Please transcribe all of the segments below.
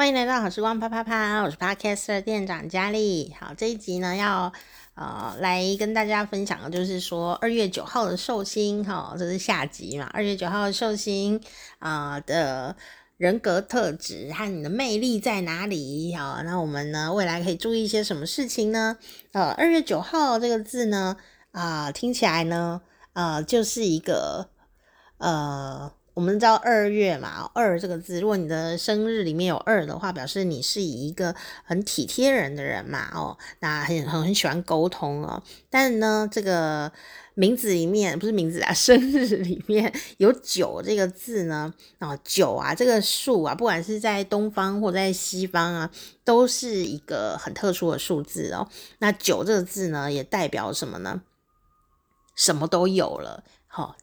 歡迎來到好時光啪啪啪，我是 Podcast 的店長佳麗。好，這一集呢，要呃來跟大家分享的，就是說二月九號的壽星哈、哦，這是下集嘛。二月九號的壽星啊、呃、的人格特質和你的魅力在哪裡？哈、哦，那我們呢未來可以注意一些什麼事情呢？呃，二月九號這個字呢，啊、呃，聽起來呢，啊、呃，就是一個呃。我們知道二月嘛，二這個字，如果你的生日裡面有二的話，表示你是一個很體貼人的人嘛。哦，那很很喜歡溝通哦。但是呢，這個名字裡面不是名字啊，生日裡面有九這個字呢。啊、哦，九啊，這個數啊，不管是在東方或在西方啊，都是一個很特殊的數字哦。那九這個字呢，也代表什麼呢？什麼都有了，好、哦。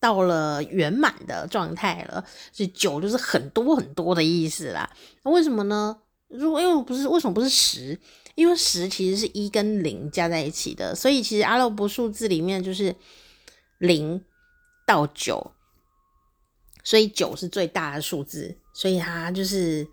到了圓滿的狀態了，所以九就是很多很多的意思啦。為什麼呢？如果因為我不是為什麼不是十？因為十其實是一跟零加在一起的，所以其實阿拉伯數字裡面就是零到九，所以九是最大的數字，所以它就是。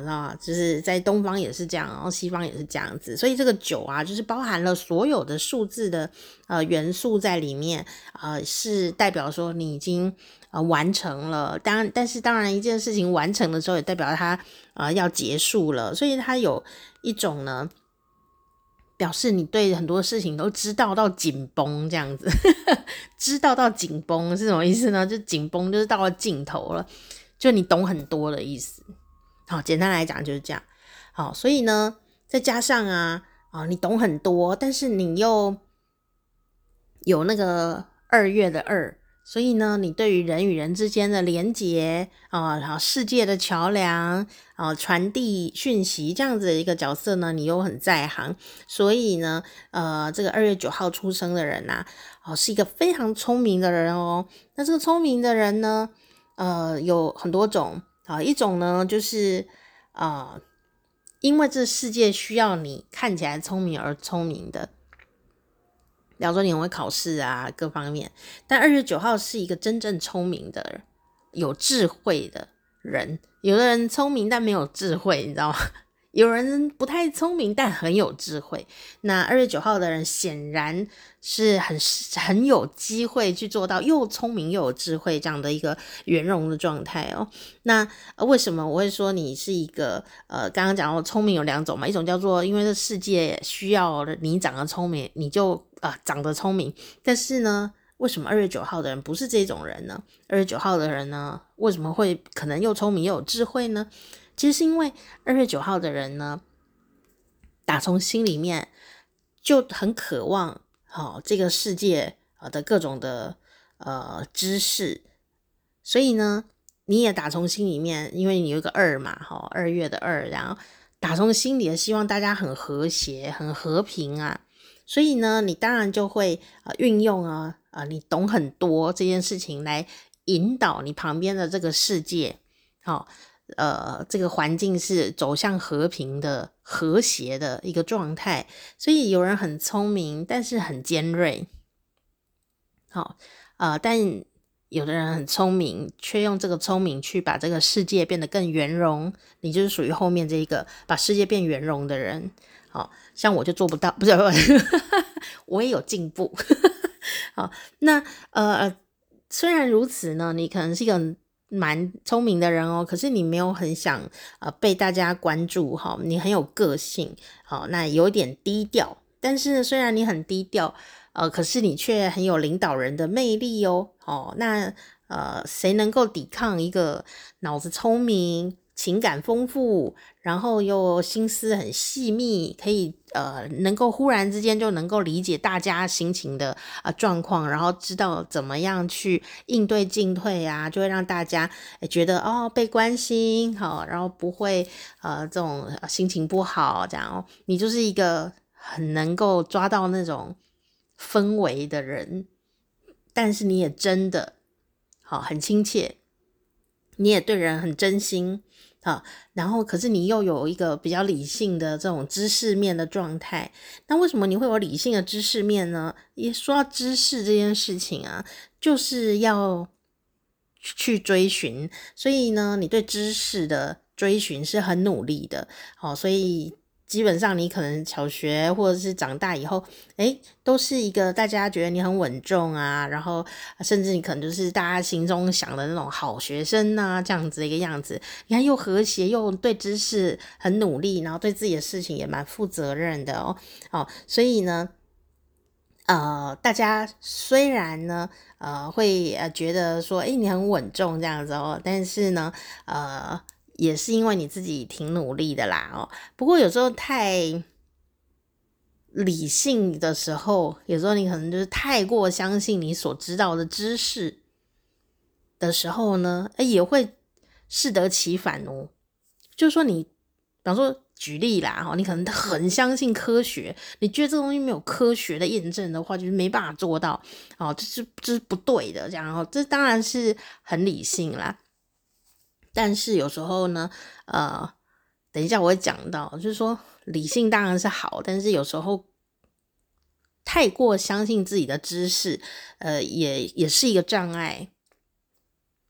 那、哦、就是在東方也是這樣，然後西方也是這樣子，所以這個九啊，就是包含了所有的數字的呃元素在裡面，呃，是代表說你已經呃完成了。當但,但是當然，一件事情完成的時候，也代表它、呃、要結束了，所以它有一種呢，表示你對很多事情都知道到緊繃這樣子， 知道到緊繃是什麼意思呢？就緊繃就是到了盡頭了，就你懂很多的意思。好，簡單來講就是這樣。好，所以呢，再加上啊，啊，你懂很多，但是你又有那個二月的二，所以呢，你對於人與人之間的連結啊，然後世界的橋樑啊，傳遞訊息這樣子的一個角色呢，你又很在行。所以呢，呃，這個二月九號出生的人吶，哦，是一個非常聰明的人哦。那這個聰明的人呢，呃，有很多種。好，一種呢，就是啊、呃，因為這世界需要你看起來聰明而聰明的，比方說你很會考試啊，各方面。但二月九號是一個真正聰明的、有智慧的人。有的人聰明但沒有智慧，你知道嗎？有人不太聰明，但很有智慧。那二月九號的人顯然是很很有機會去做到又聰明又有智慧這樣的一個圓融的狀態哦。那為什麼我會說你是一個呃，剛剛講到聰明有兩種嘛？一種叫做因為這世界需要你長得聰明，你就啊、呃，長得聰明。但是呢，為什麼二月九號的人不是這種人呢？二月九號的人呢，為什麼會可能又聰明又有智慧呢？其實是因為二月九號的人呢，打從心裡面就很渴望，好、哦、這個世界啊的各種的呃知識，所以呢，你也打從心裡面，因為你有一個二嘛，哈、哦，二月的二，然後打從心裡的希望大家很和諧、很和平啊，所以呢，你當然就會呃運用啊啊，你懂很多這件事情來引導你旁邊的這個世界，好、哦。呃，這個環境是走向和平的、和諧的一個狀態，所以有人很聰明，但是很尖銳。好，呃，但有的人很聰明，卻用這個聰明去把這個世界變得更圓融。你就是屬於後面這一個把世界變圓融的人。好，像我就做不到，不是，不是，不是 我也有進步。 好，那呃，雖然如此呢，你可能是一個蠻聰明的人哦，可是你沒有很想呃被大家關注哈、哦，你很有個性，哦，那有點低調，但是呢，雖然你很低調，呃，可是你卻很有領導人的魅力哦，哦，那呃誰能夠抵抗一個腦子聰明、情感豐富，然後又心思很細密，可以？呃，能夠忽然之間就能夠理解大家心情的啊、呃、狀況，然後知道怎麼樣去應對進退啊，就會讓大家哎、欸、覺得哦被關心好、哦，然後不會呃這種心情不好這樣哦。你就是一個很能夠抓到那種氛圍的人，但是你也真的好、哦、很親切，你也對人很真心。啊，然後可是你又有一個比較理性的這種知識面的狀態，那為什麼你會有理性的知識面呢？一說到知識這件事情啊，就是要去追尋，所以呢，你對知識的追尋是很努力的，好、啊，所以。基本上你可能小學或者是長大以後，誒，都是一個大家覺得你很穩重啊，然後甚至你可能就是大家心中想的那種好學生吶、啊，這樣子的一個樣子。你看又和諧又對知識很努力，然後對自己的事情也蠻負責任的哦。哦，所以呢，呃，大家雖然呢，呃，會覺得說，誒，你很穩重這樣子哦，但是呢，呃。也是因為你自己挺努力的啦哦，不過有時候太理性的時候，有時候你可能就是太過相信你所知道的知識的時候呢，哎也會適得其反哦。就是說你，比方說舉例啦哦，你可能很相信科學，你覺得這東西沒有科學的驗證的話，就是沒辦法做到哦，這、就是這、就是不對的這樣哦。這當然是很理性啦。但是有時候呢，呃，等一下我會講到，就是說理性當然是好，但是有時候太過相信自己的知識，呃，也也是一個障礙。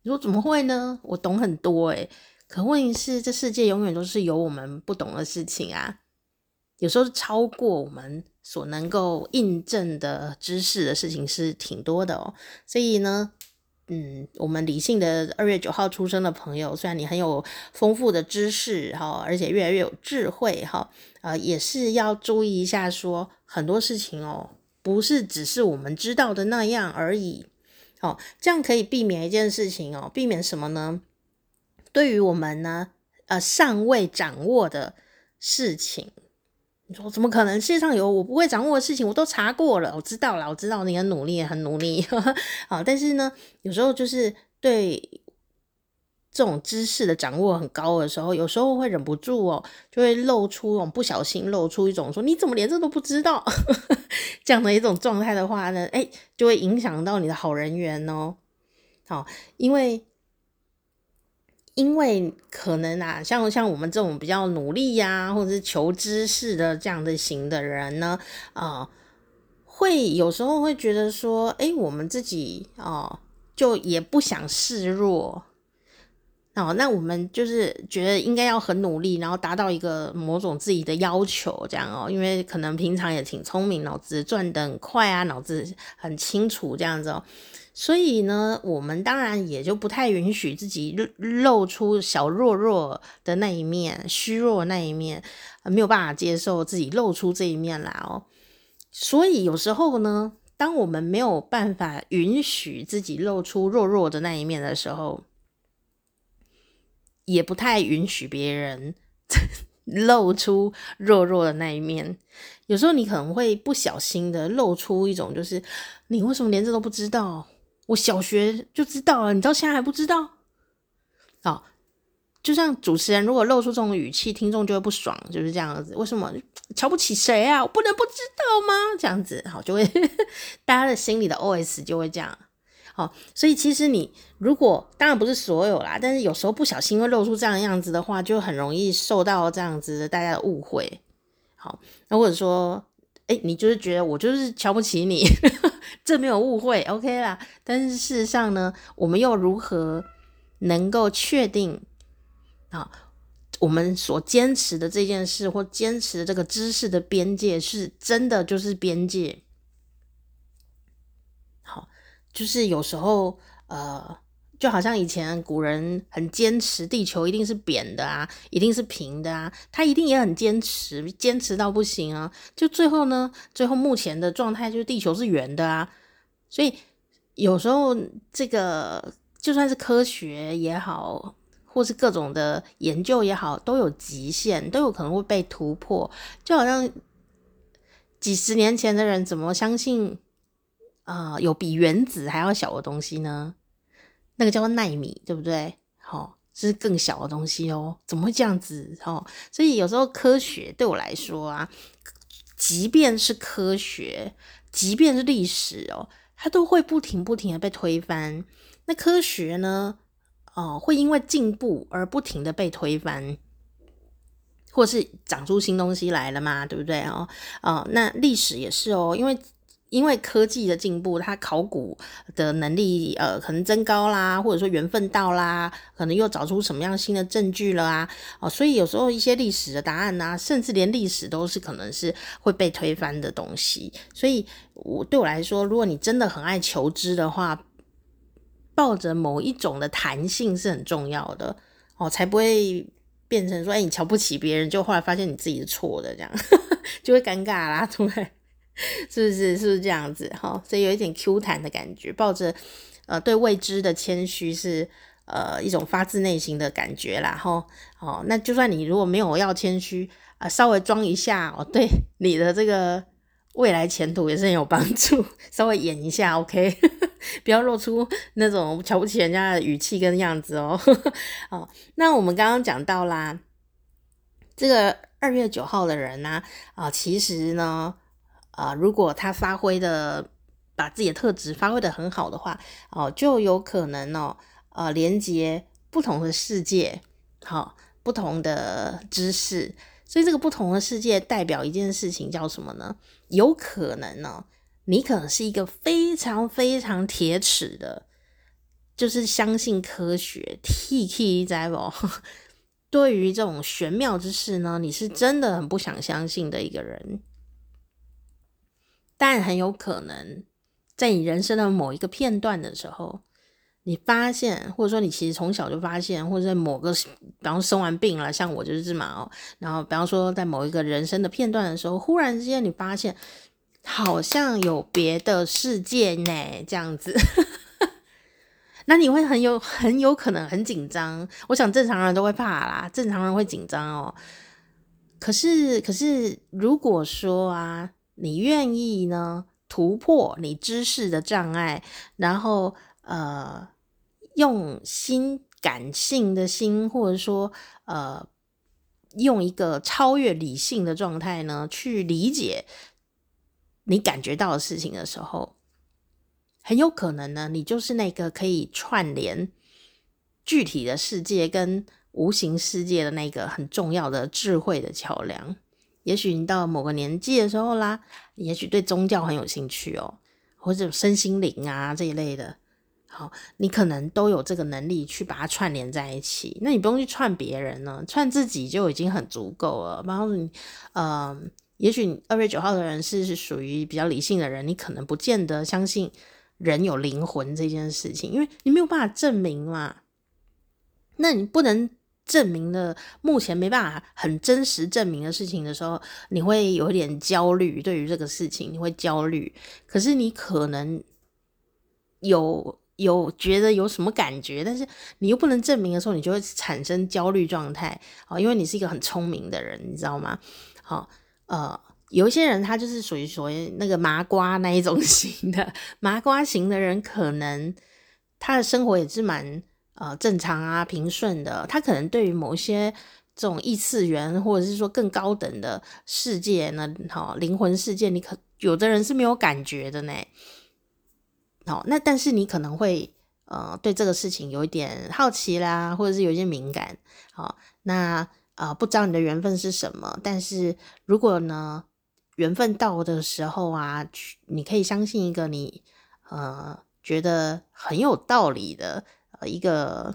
你說怎麼會呢？我懂很多誒、欸，可問題是這世界永遠都是有我們不懂的事情啊。有時候超過我們所能夠印證的知識的事情是挺多的哦，所以呢。嗯，我們理性的二月九號出生的朋友，雖然你很有豐富的知識哈、哦，而且越來越有智慧哈、哦，呃，也是要注意一下說，說很多事情哦，不是只是我們知道的那樣而已，哦，這樣可以避免一件事情哦，避免什麼呢？對於我們呢，呃，尚未掌握的事情。你說怎麼可能？世界上有我不會掌握的事情？我都查過了，我知道了，我知道你很努力，很努力啊！ 但是呢，有時候就是對這種知識的掌握很高的時候，有時候會忍不住哦、喔，就會露出一種不小心露出一種說你怎麼連這都不知道 這樣的一種狀態的話呢？哎、欸，就會影響到你的好人緣哦、喔。好，因為。因為可能啊，像像我們這種比較努力呀、啊，或者是求知識的這樣的型的人呢，啊、呃，會有時候會覺得說，誒，我們自己哦、呃，就也不想示弱哦，那我們就是覺得應該要很努力，然後達到一個某種自己的要求，這樣哦，因為可能平常也挺聰明，腦子轉得很快啊，腦子很清楚這樣子哦。所以呢，我們當然也就不太允許自己露出小弱弱的那一面，虛弱的那一面，沒有辦法接受自己露出這一面來哦。所以有時候呢，當我們沒有辦法允許自己露出弱弱的那一面的時候，也不太允許別人 露出弱弱的那一面。有時候你可能會不小心的露出一種，就是你為什麼連這都不知道？我小學就知道了，你到現在還不知道？好，哦，就像主持人如果露出這種語氣，聽眾就會不爽，就是這樣子。為什麼瞧不起誰啊？我不能不知道嗎？這樣子，好，就會 大家的心裡的 O S 就會這樣。好，所以其實你如果當然不是所有啦，但是有時候不小心會露出這樣的樣子的話，就很容易受到這樣子的大家的誤會。好，那或者說。哎，你就是覺得我就是瞧不起你，呵呵，這沒有誤會，OK 啦。但是事實上呢，我們又如何能夠確定啊，我們所堅持的這件事或堅持的這個知識的邊界，是真的就是邊界？好，就是有時候呃。就好像以前古人很堅持地球一定是扁的啊，一定是平的啊，他一定也很堅持，堅持到不行啊。就最後呢，最後目前的狀態就是地球是圓的啊。所以有時候這個就算是科學也好，或是各種的研究也好，都有極限，都有可能會被突破。就好像幾十年前的人怎麼相信啊，呃，有比原子還要小的東西呢？那個叫做奈米，對不對？好、哦，這是更小的東西哦。怎麼會這樣子？哦，所以有時候科學對我來說啊，即便是科學，即便是歷史哦，它都會不停不停的被推翻。那科學呢？哦，會因為進步而不停的被推翻，或是長出新東西來了嘛？對不對？哦，哦，那歷史也是哦，因為。因為科技的進步，它考古的能力，呃，可能增高啦，或者說緣分到啦，可能又找出什麼樣新的證據了啊，哦，所以有時候一些歷史的答案呢、啊，甚至連歷史都是可能是會被推翻的東西。所以，我對我來說，如果你真的很愛求知的話，抱着某一種的彈性是很重要的哦，才不會變成說，哎、欸，你瞧不起別人，就後來發現你自己是錯的這樣， 就會尷尬啦，對不對？是不是是不是這樣子哈、哦？所以有一點 Q 彈的感覺，抱着呃對未知的謙虛是呃一種發自內心的感覺啦哈、哦。哦，那就算你如果沒有要謙虛啊，稍微裝一下哦，對你的這個未來前途也是很有幫助，稍微演一下 OK， 不要露出那種瞧不起人家的語氣跟樣子哦。呵呵哦，那我們剛剛講到啦，這個二月九號的人呢啊、哦，其實呢。啊，如果他發揮的把自己的特質發揮的很好的話，哦，就有可能哦，啊，連接不同的世界，好，不同的知識。所以這個不同的世界代表一件事情叫什麼呢？有可能呢，你可能是一個非常非常鐵齒的，就是相信科學，T T level。對於這種玄妙之事呢，你是真的很不想相信的一個人。但很有可能，在你人生的某一個片段的時候，你發現，或者說你其實從小就發現，或者在某個，比方說生完病了，像我就是這麼哦，然後比方說在某一個人生的片段的時候，忽然之間你發現，好像有別的世界呢，這樣子， 那你會很有很有可能很緊張。我想正常人都會怕啦，正常人會緊張哦。可是，可是如果說啊。你願意呢，突破你知識的障礙，然後呃，用心，感性的心，或者說呃，用一個超越理性的狀態呢，去理解你感覺到的事情的時候，很有可能呢，你就是那個可以串聯具體的世界跟無形世界的那個很重要的智慧的橋樑。也許你到了某個年紀的時候啦，也許對宗教很有興趣哦、喔，或者身心靈啊這一類的，好，你可能都有這個能力去把它串聯在一起。那你不用去串別人了，串自己就已經很足夠了。包括你，嗯、呃，也許你二月九號的人是屬於比較理性的人，你可能不見得相信人有靈魂這件事情，因為你沒有辦法證明嘛。那你不能。證明了目前沒辦法很真實證明的事情的時候，你會有一點焦慮。對於這個事情，你會焦慮。可是你可能有有覺得有什麼感覺，但是你又不能證明的時候，你就會產生焦慮狀態。哦，因為你是一個很聰明的人，你知道嗎？好，哦，呃，有一些人他就是屬於屬於那個麻瓜那一種型的麻瓜型的人，可能他的生活也是蠻。呃，正常啊，平順的。他可能對於某些這種異次元，或者是說更高等的世界呢，哈，靈魂世界，你可有的人是沒有感覺的呢。好，那但是你可能會呃，對這個事情有一點好奇啦，或者是有一些敏感。好，那呃，不知道你的緣分是什麼，但是如果呢，緣分到的時候啊，你可以相信一個你呃，覺得很有道理的。一個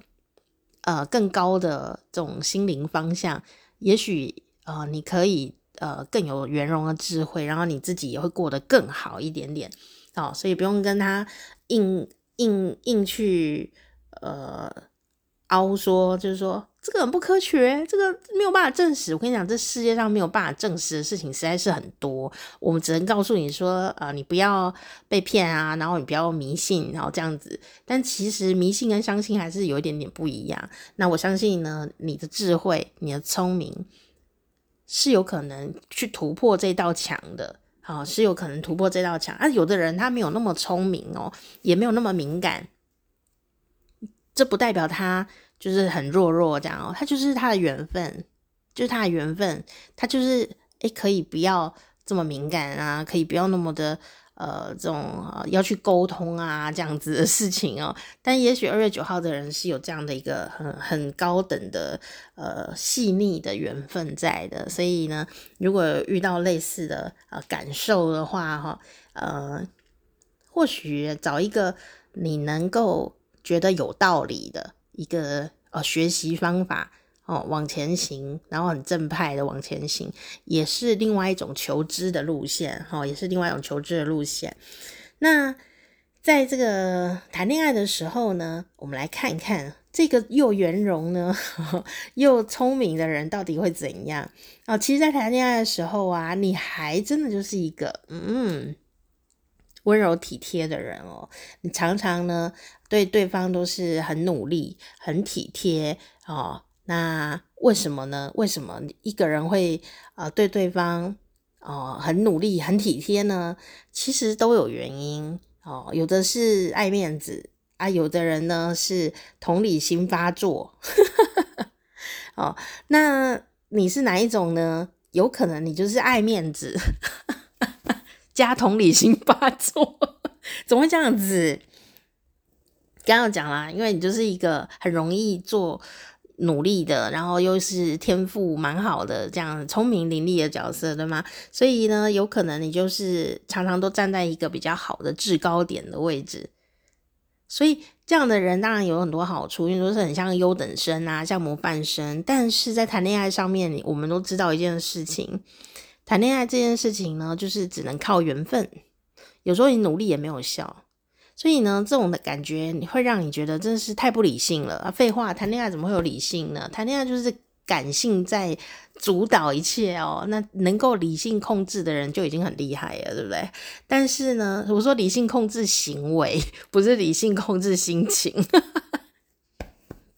呃更高的這種心靈方向，也許呃你可以呃更有圓融的智慧，然後你自己也會過得更好一點點，哦，所以不用跟他硬硬硬去呃凹說，就是說。這個很不科學，這個沒有辦法證實。我跟你講，這世界上沒有辦法證實的事情實在是很多，我們只能告訴你說，呃，你不要被騙啊，然後你不要迷信，然後這樣子。但其實迷信跟相信還是有一點點不一樣。那我相信呢，你的智慧、你的聰明，是有可能去突破這道牆的，好，啊，是有可能突破這道牆。啊，有的人他沒有那麼聰明哦，也沒有那麼敏感，這不代表他。就是很弱弱這樣哦，他就是他的緣分，就是他的緣分，他就是誒、欸，可以不要這麼敏感啊，可以不要那麼的呃，這種、呃、要去溝通啊這樣子的事情哦、喔。但也許二月九號的人是有這樣的一個很很高等的呃細膩的緣分在的，所以呢，如果遇到類似的呃感受的話，哈、呃，或許找一個你能夠覺得有道理的。一個哦，學習方法哦，往前行，然後很正派的往前行，也是另外一種求知的路線，哈、哦，也是另外一種求知的路線。那在這個談戀愛的時候呢，我們來看一看這個又圓融呢呵呵又聰明的人到底會怎樣啊、哦？其實，在談戀愛的時候啊，你還真的就是一個嗯。溫柔體貼的人哦，你常常呢對對方都是很努力、很體貼哦。那為什麼呢？為什麼一個人會啊、呃、對對方哦很努力、很體貼呢？其實都有原因哦。有的是愛面子啊，有的人呢是同理心發作。 哦，那你是哪一種呢？有可能你就是愛面子。加同理心發作， 怎麼會這樣子？剛剛講啦，因為你就是一個很容易做努力的，然後又是天賦蠻好的這樣聰明伶俐的角色，對嗎？所以呢，有可能你就是常常都站在一個比較好的制高點的位置。所以這樣的人當然有很多好處，因為都是很像優等生啊，像模範生。但是在談戀愛上面，我們都知道一件事情。談戀愛這件事情呢，就是只能靠緣分，有時候你努力也沒有效，所以呢，這種的感覺你會讓你覺得真的是太不理性了啊！廢話，談戀愛怎麼會有理性呢？談戀愛就是感性在主導一切哦。那能夠理性控制的人就已經很厲害了，對不對？但是呢，我說理性控制行為不是理性控制心情，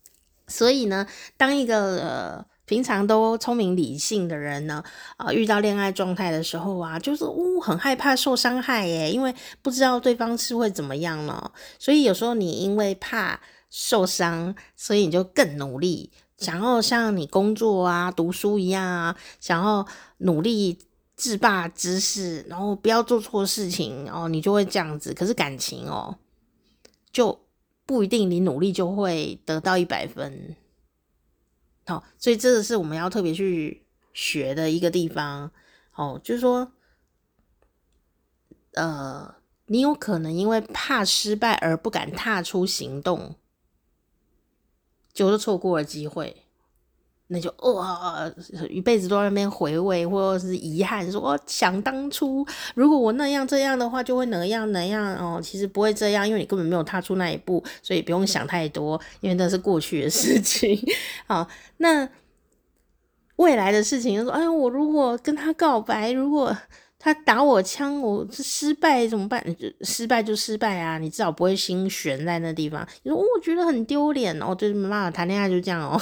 所以呢，當一個呃。平常都聰明理性的人呢，啊、呃，遇到戀愛狀態的時候啊，就是嗚、哦，很害怕受傷害耶，因為不知道對方是會怎麼樣了，所以有時候你因為怕受傷，所以你就更努力，想要像你工作啊、讀書一樣啊，想要努力自霸知識，然後不要做錯事情哦，你就會這樣子。可是感情哦，就不一定你努力就會得到一百分。好，所以這個是我們要特別去學的一個地方，哦，就是說，呃，你有可能因為怕失敗而不敢踏出行動，就是錯過了機會。那就呃、哦，一輩子都在那邊回味，或者是遺憾說，說想當初，如果我那樣這樣的話，就會哪樣哪樣哦。其實不會這樣，因為你根本沒有踏出那一步，所以不用想太多，因為那是過去的事情。 好，那未來的事情、就是，說哎呀，我如果跟他告白，如果他打我槍，我失敗怎麼辦？失敗就失敗啊，你至少不會心懸在那地方。你說、哦、我覺得很丟臉哦，就是沒辦法談戀愛，就這樣哦。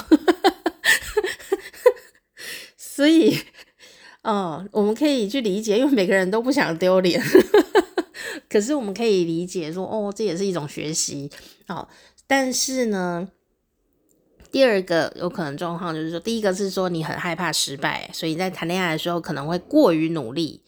所以，嗯、哦，我們可以去理解，因為每個人都不想丟臉。呵呵，可是我們可以理解說，哦，這也是一種學習哦。但是呢，第二個有可能狀況就是說，第一個是說你很害怕失敗，所以在談戀愛的時候可能會過於努力，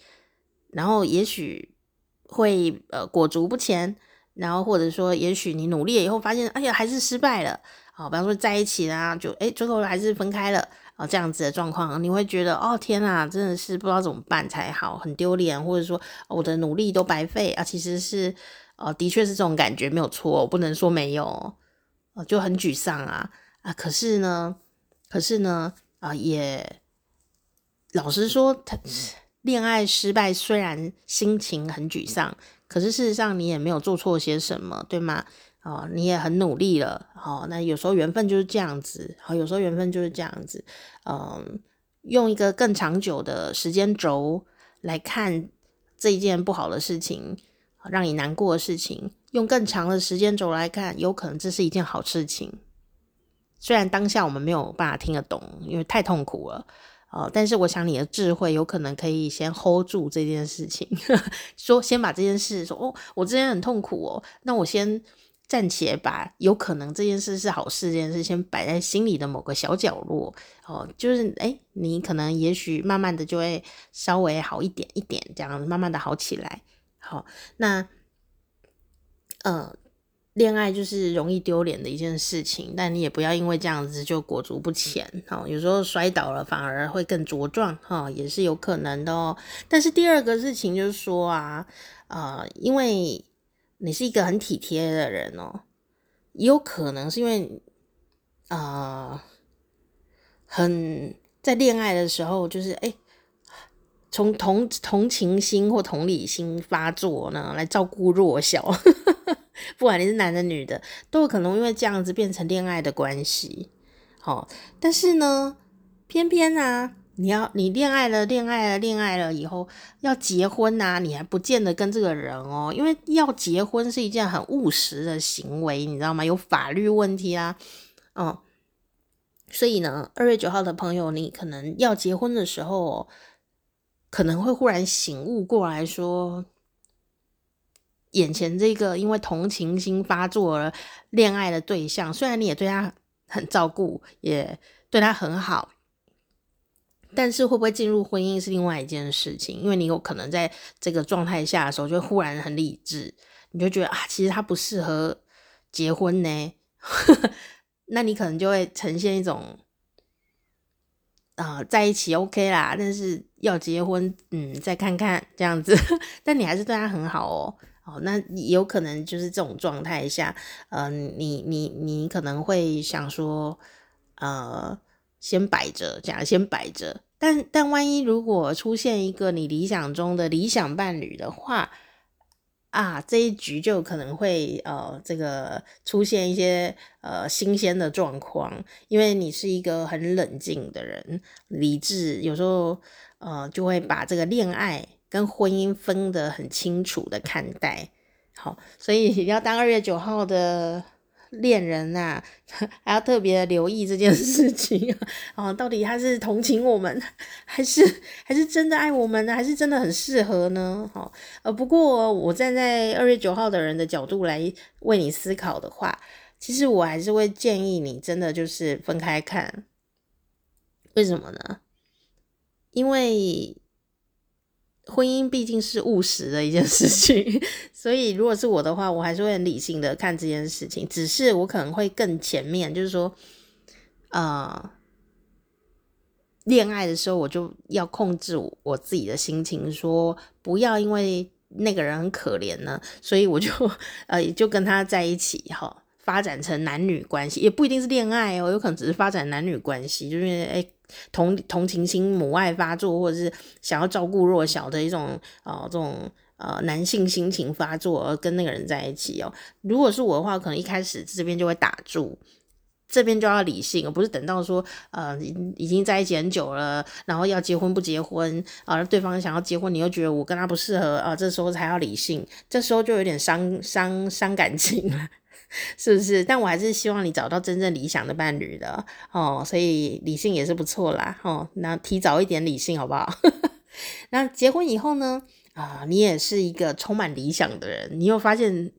然後也許會呃裹足不前，然後或者說，也許你努力了以後發現，哎呀，還是失敗了。好、哦，比方說在一起啦，就哎，最後還是分開了。啊，這樣子的狀況，你會覺得哦，天哪、啊，真的是不知道怎麼辦才好，很丟臉，或者說、哦、我的努力都白費啊。其實是，哦、啊、的確是這種感覺沒有錯，我不能說沒有，啊、就很沮喪啊啊。可是呢，可是呢，啊，也老實說，他戀愛失敗，雖然心情很沮喪，可是事實上你也沒有做錯些什麼，對嗎？啊、哦，你也很努力了，好、哦，那有時候緣分就是這樣子，好、哦，有時候緣分就是這樣子，嗯，用一個更長久的時間軸來看這一件不好的事情，讓你難過的事情，用更長的時間軸來看，有可能這是一件好事情。雖然當下我們沒有辦法聽得懂，因為太痛苦了，哦，但是我想你的智慧有可能可以先 hold 住這件事情，呵呵，說先把這件事說，說哦，我之前很痛苦哦，那我先。暫且把有可能這件事是好事這件事先擺在心裡的某個小角落，哦，就是誒、欸，你可能也許慢慢的就會稍微好一點一點，這樣慢慢的好起來。好、哦，那呃，戀愛就是容易丟臉的一件事情，但你也不要因為這樣子就裹足不前。哦，有時候摔倒了反而會更茁壯，哈、哦，也是有可能的、哦。但是第二個事情就是說啊，呃，因為。你是一個很體貼的人哦、喔，也有可能是因為，啊、呃，很在戀愛的時候，就是哎，從、欸、同同情心或同理心發作呢，來照顧弱小，呵呵，不管你是男的女的，都有可能因為這樣子變成戀愛的關係。好、喔，但是呢，偏偏啊。你要你戀愛了，戀愛了，戀愛了以後要結婚吶、啊，你還不見得跟這個人哦，因為要結婚是一件很務實的行為，你知道嗎？有法律問題啊，嗯，所以呢，二月九號的朋友，你可能要結婚的時候，可能會忽然醒悟過來說，眼前這個因為同情心發作而戀愛的對象，雖然你也對他很照顧，也對他很好。但是會不會進入婚姻是另外一件事情，因為你有可能在這個狀態下的時候，就忽然很理智，你就覺得啊，其實他不適合結婚呢， 那你可能就會呈現一種，啊、呃，在一起 OK 啦，但是要結婚，嗯，再看看這樣子， 但你還是對他很好哦、喔。哦，那有可能就是這種狀態下，嗯、呃，你你你可能會想說，呃，先擺着，這樣先擺着。但但萬一如果出現一個你理想中的理想伴侶的話，啊，這一局就可能會呃，這個出現一些呃新鮮的狀況，因為你是一個很冷靜的人，理智，有時候呃就會把這個戀愛跟婚姻分得很清楚的看待，好，所以要當二月九號的。戀人吶、啊，還要特別留意這件事情啊！到底他是同情我們，還是還是真的愛我們呢？還是真的很適合呢？好，呃，不過我站在二月九號的人的角度來為你思考的話，其實我還是會建議你，真的就是分開看。為什麼呢？因為。婚姻畢竟是務實的一件事情，所以如果是我的話，我還是會很理性的看這件事情。只是我可能會更前面，就是說，呃，戀愛的時候我就要控制我自己的心情，說不要因為那個人很可憐呢，所以我就，呃，就跟他在一起哈。發展成男女關係也不一定是戀愛哦，有可能只是發展男女關係，就是因為哎、欸、同同情心母愛發作，或者是想要照顧弱小的一種啊、呃、這種呃男性心情發作而跟那個人在一起哦。如果是我的話，可能一開始這邊就會打住，這邊就要理性，而不是等到說呃已經在一起很久了，然後要結婚不結婚啊、呃，對方想要結婚，你又覺得我跟他不適合啊、呃，這時候才要理性，這時候就有點傷傷傷感情了。 是不是？但我還是希望你找到真正理想的伴侶的哦，所以理性也是不錯啦哦。那提早一點理性好不好？ 那結婚以後呢？啊、呃，你也是一個充滿理想的人，你又發現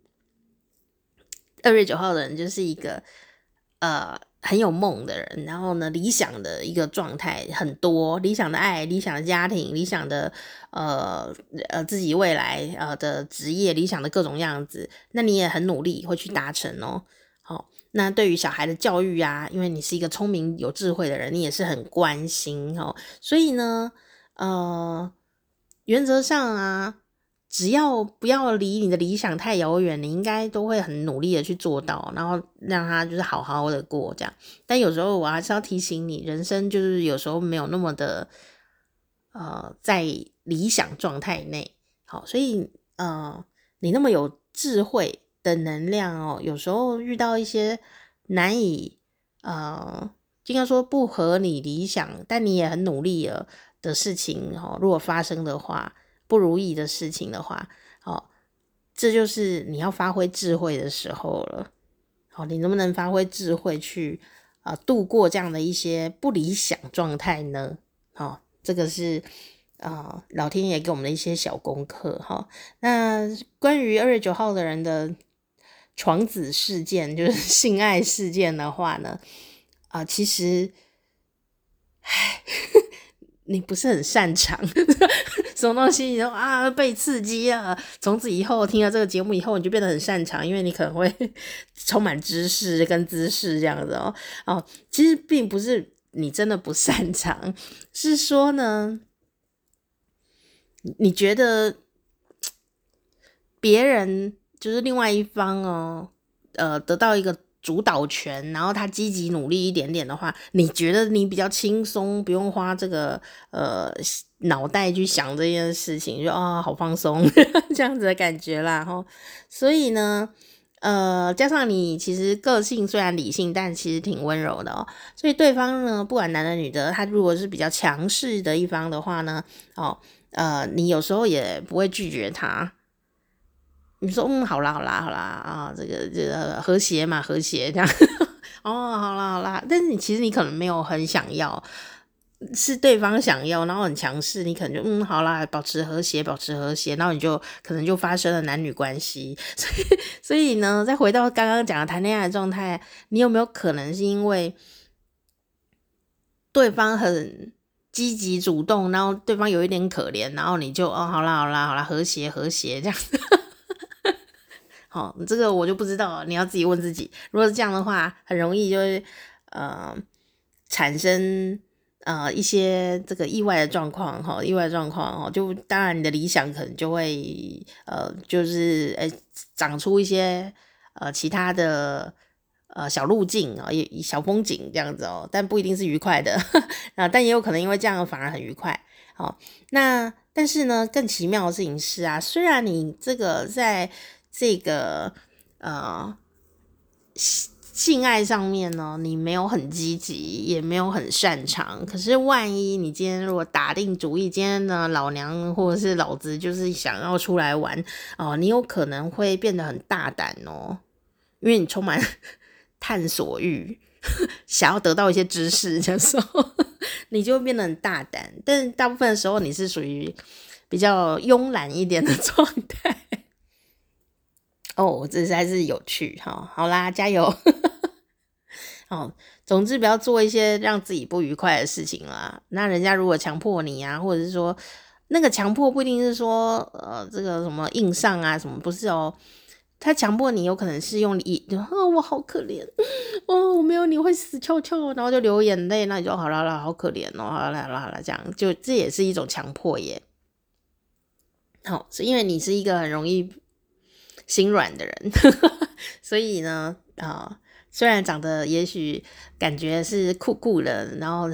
二月九號的人就是一個呃很有夢的人，然後呢，理想的一個狀態很多，理想的愛、理想的家庭、理想的。呃呃，自己未來呃的職業理想的各種樣子，那你也很努力會去達成哦。好、哦，那對於小孩的教育啊，因為你是一個聰明有智慧的人，你也是很關心哦。所以呢，呃，原則上啊，只要不要離你的理想太遙遠，你應該都會很努力的去做到，然後讓他就是好好的過這樣。但有時候我還是要提醒你，人生就是有時候沒有那麼的。呃，在理想狀態內，好、哦，所以呃，你那麼有智慧的能量哦，有時候遇到一些難以呃，應該說不合你理想，但你也很努力了的事情哦，如果發生的話，不如意的事情的話，哦，這就是你要發揮智慧的時候了，好、哦，你能不能發揮智慧去啊、呃、度過這樣的一些不理想狀態呢？哦。這個是啊、呃，老天爺給我們的一些小功課哈、哦。那關於二月九號的人的床子事件，就是性愛事件的話呢，啊、呃，其實，唉，你不是很擅長呵呵什麼東西你說，你都啊被刺激啊。從此以後聽了這個節目以後，你就變得很擅長，因為你可能會充滿知識跟姿勢這樣子哦。啊、哦，其實並不是。你真的不擅長，是說呢？你覺得別人就是另外一方哦，呃，得到一個主導權，然後他積極努力一點點的話，你覺得你比較輕鬆，不用花這個呃腦袋去想這件事情，就啊、哦、好放鬆這樣子的感覺啦。然後，所以呢？呃，加上你其實個性雖然理性，但其實挺溫柔的哦。所以對方呢，不管男的女的，他如果是比較強勢的一方的話呢，哦，呃，你有時候也不會拒絕他。你說，嗯，好啦，好啦，好啦，啊、哦，這個這個和諧嘛，和諧這樣。 哦，好啦，好啦，但是你其實你可能沒有很想要。是對方想要，然後很強勢，你可能就嗯，好啦，保持和諧，保持和諧，然後你就可能就發生了男女關係。所以，所以呢，再回到剛剛講的談戀愛的狀態，你有沒有可能是因為對方很積極主動，然後對方有一點可憐，然後你就哦，好啦，好啦，好啦，和諧，和諧這樣。 好，這個我就不知道，你要自己問自己。如果是這樣的話，很容易就是嗯、呃、產生。呃，一些這個意外的狀況哈，意外狀況哈，就當然你的理想可能就會呃，就是哎、欸，長出一些呃其他的呃小路徑啊，也小風景這樣子哦，但不一定是愉快的啊，但也有可能因為這樣反而很愉快。好、哦，那但是呢，更奇妙的事情是啊，雖然你這個在這個呃。性愛上面呢，你沒有很積極，也沒有很擅長。可是萬一你今天如果打定主意，今天呢，老娘或者是老子就是想要出來玩哦，你有可能會變得很大膽哦，因為你充滿 探索慾，想要得到一些知識，的時候 你就會變得很大膽。但大部分的時候你是屬於比較慵懶一點的狀態。哦， oh, 這才是有趣哈！好啦，加油。哦，總之不要做一些讓自己不愉快的事情啦。那人家如果強迫你啊，或者是說那個強迫不一定是說呃這個什麼硬上啊什麼，不是哦。他強迫你有可能是用你，啊、哦，我好可憐哦，我沒有你會死翹翹，然後就流眼淚，那你就好啦啦，好可憐哦，好啦，啦，啦，好啦，啦，這樣就這也是一種強迫耶。好、哦，是因為你是一個很容易心軟的人呵呵，所以呢，啊、哦。雖然長得也許感覺是酷酷的，然後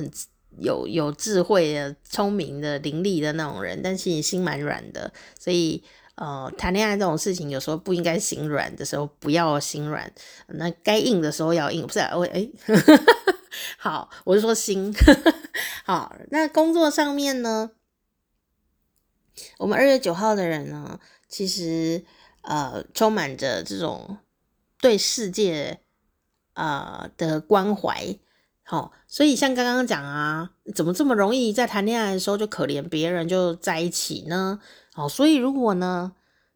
有有智慧的、聰明的、伶俐的那種人，但是心蠻軟的，所以呃，談戀愛這種事情，有時候不應該心軟的時候不要心軟，那該硬的時候要硬，不是、啊？哎、哦欸，好，我就說心呵呵好。那工作上面呢，我們二月九號的人呢，其實呃，充滿着這種對世界。呃的關懷，好、哦，所以像剛剛講啊，怎麼這麼容易在談戀愛的時候就可憐別人，就在一起呢？哦，所以如果呢，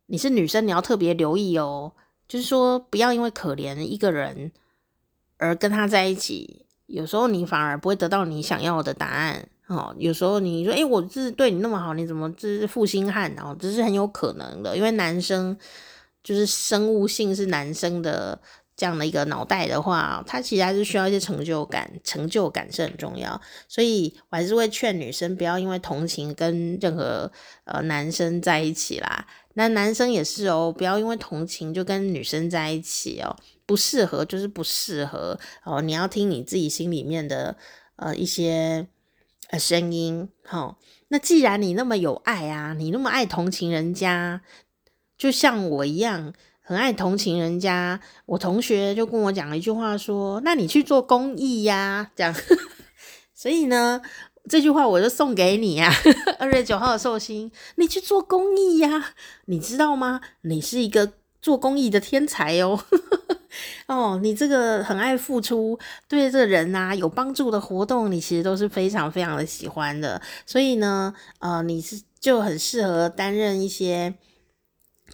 你是女生，你要特別留意哦，就是說不要因為可憐一個人而跟他在一起，有時候你反而不會得到你想要的答案哦。有時候你說哎、欸，我是對你那麼好，你怎麼這是負心漢？哦，這是很有可能的，因為男生就是生物性是男生的，這樣的一個腦袋的話，他其實還是需要一些成就感，成就感是很重要。所以我還是會勸女生不要因為同情跟任何呃男生在一起啦。那男生也是哦，不要因為同情就跟女生在一起哦，不適合就是不適合哦。你要聽你自己心裡面的呃一些呃聲音。齁，那既然你那麼有愛啊，你那麼愛同情人家，就像我一樣。很愛同情人家，我同學就跟我講了一句話，說：“那你去做公益呀。”這樣， 所以呢，這句話我就送給你呀。二月九號的壽星，你去做公益呀，你知道嗎？你是一個做公益的天才哦。 哦，你這個很愛付出，對這人吶有幫助的活動，你其實都是非常非常的喜歡的。所以呢，呃，你是就很適合擔任一些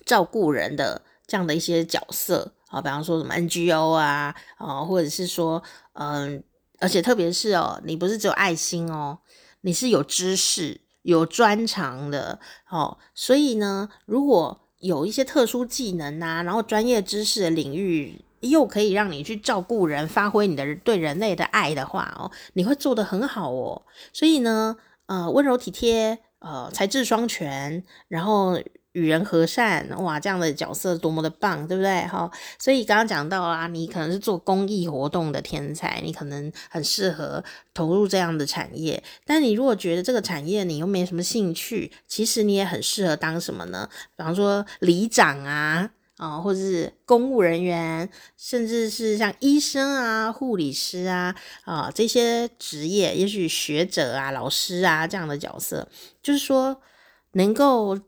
照顧人的。這樣的一些角色啊、哦，比方說什麼 NGO 啊，啊、哦，或者是說，嗯，而且特別是哦，你不是只有愛心哦，你是有知識、有專長的哦，所以呢，如果有一些特殊技能啊，然後專業知識的領域又可以讓你去照顧人，發揮你的對人類的愛的話哦，你會做得很好哦，所以呢，呃，溫柔體貼，哦、呃，才智雙全，然後。與人和善哇，這樣的角色多麼的棒，對不對？好、哦，所以剛剛講到啊，你可能是做公益活動的天才，你可能很適合投入這樣的產業。但你如果覺得這個產業你又沒什麼興趣，其實你也很適合當什麼呢？比方說里長啊啊、呃，或者是公務人員，甚至是像醫生啊、護理師啊啊、呃，這些職業，也許學者啊、老師啊這樣的角色，就是說能夠。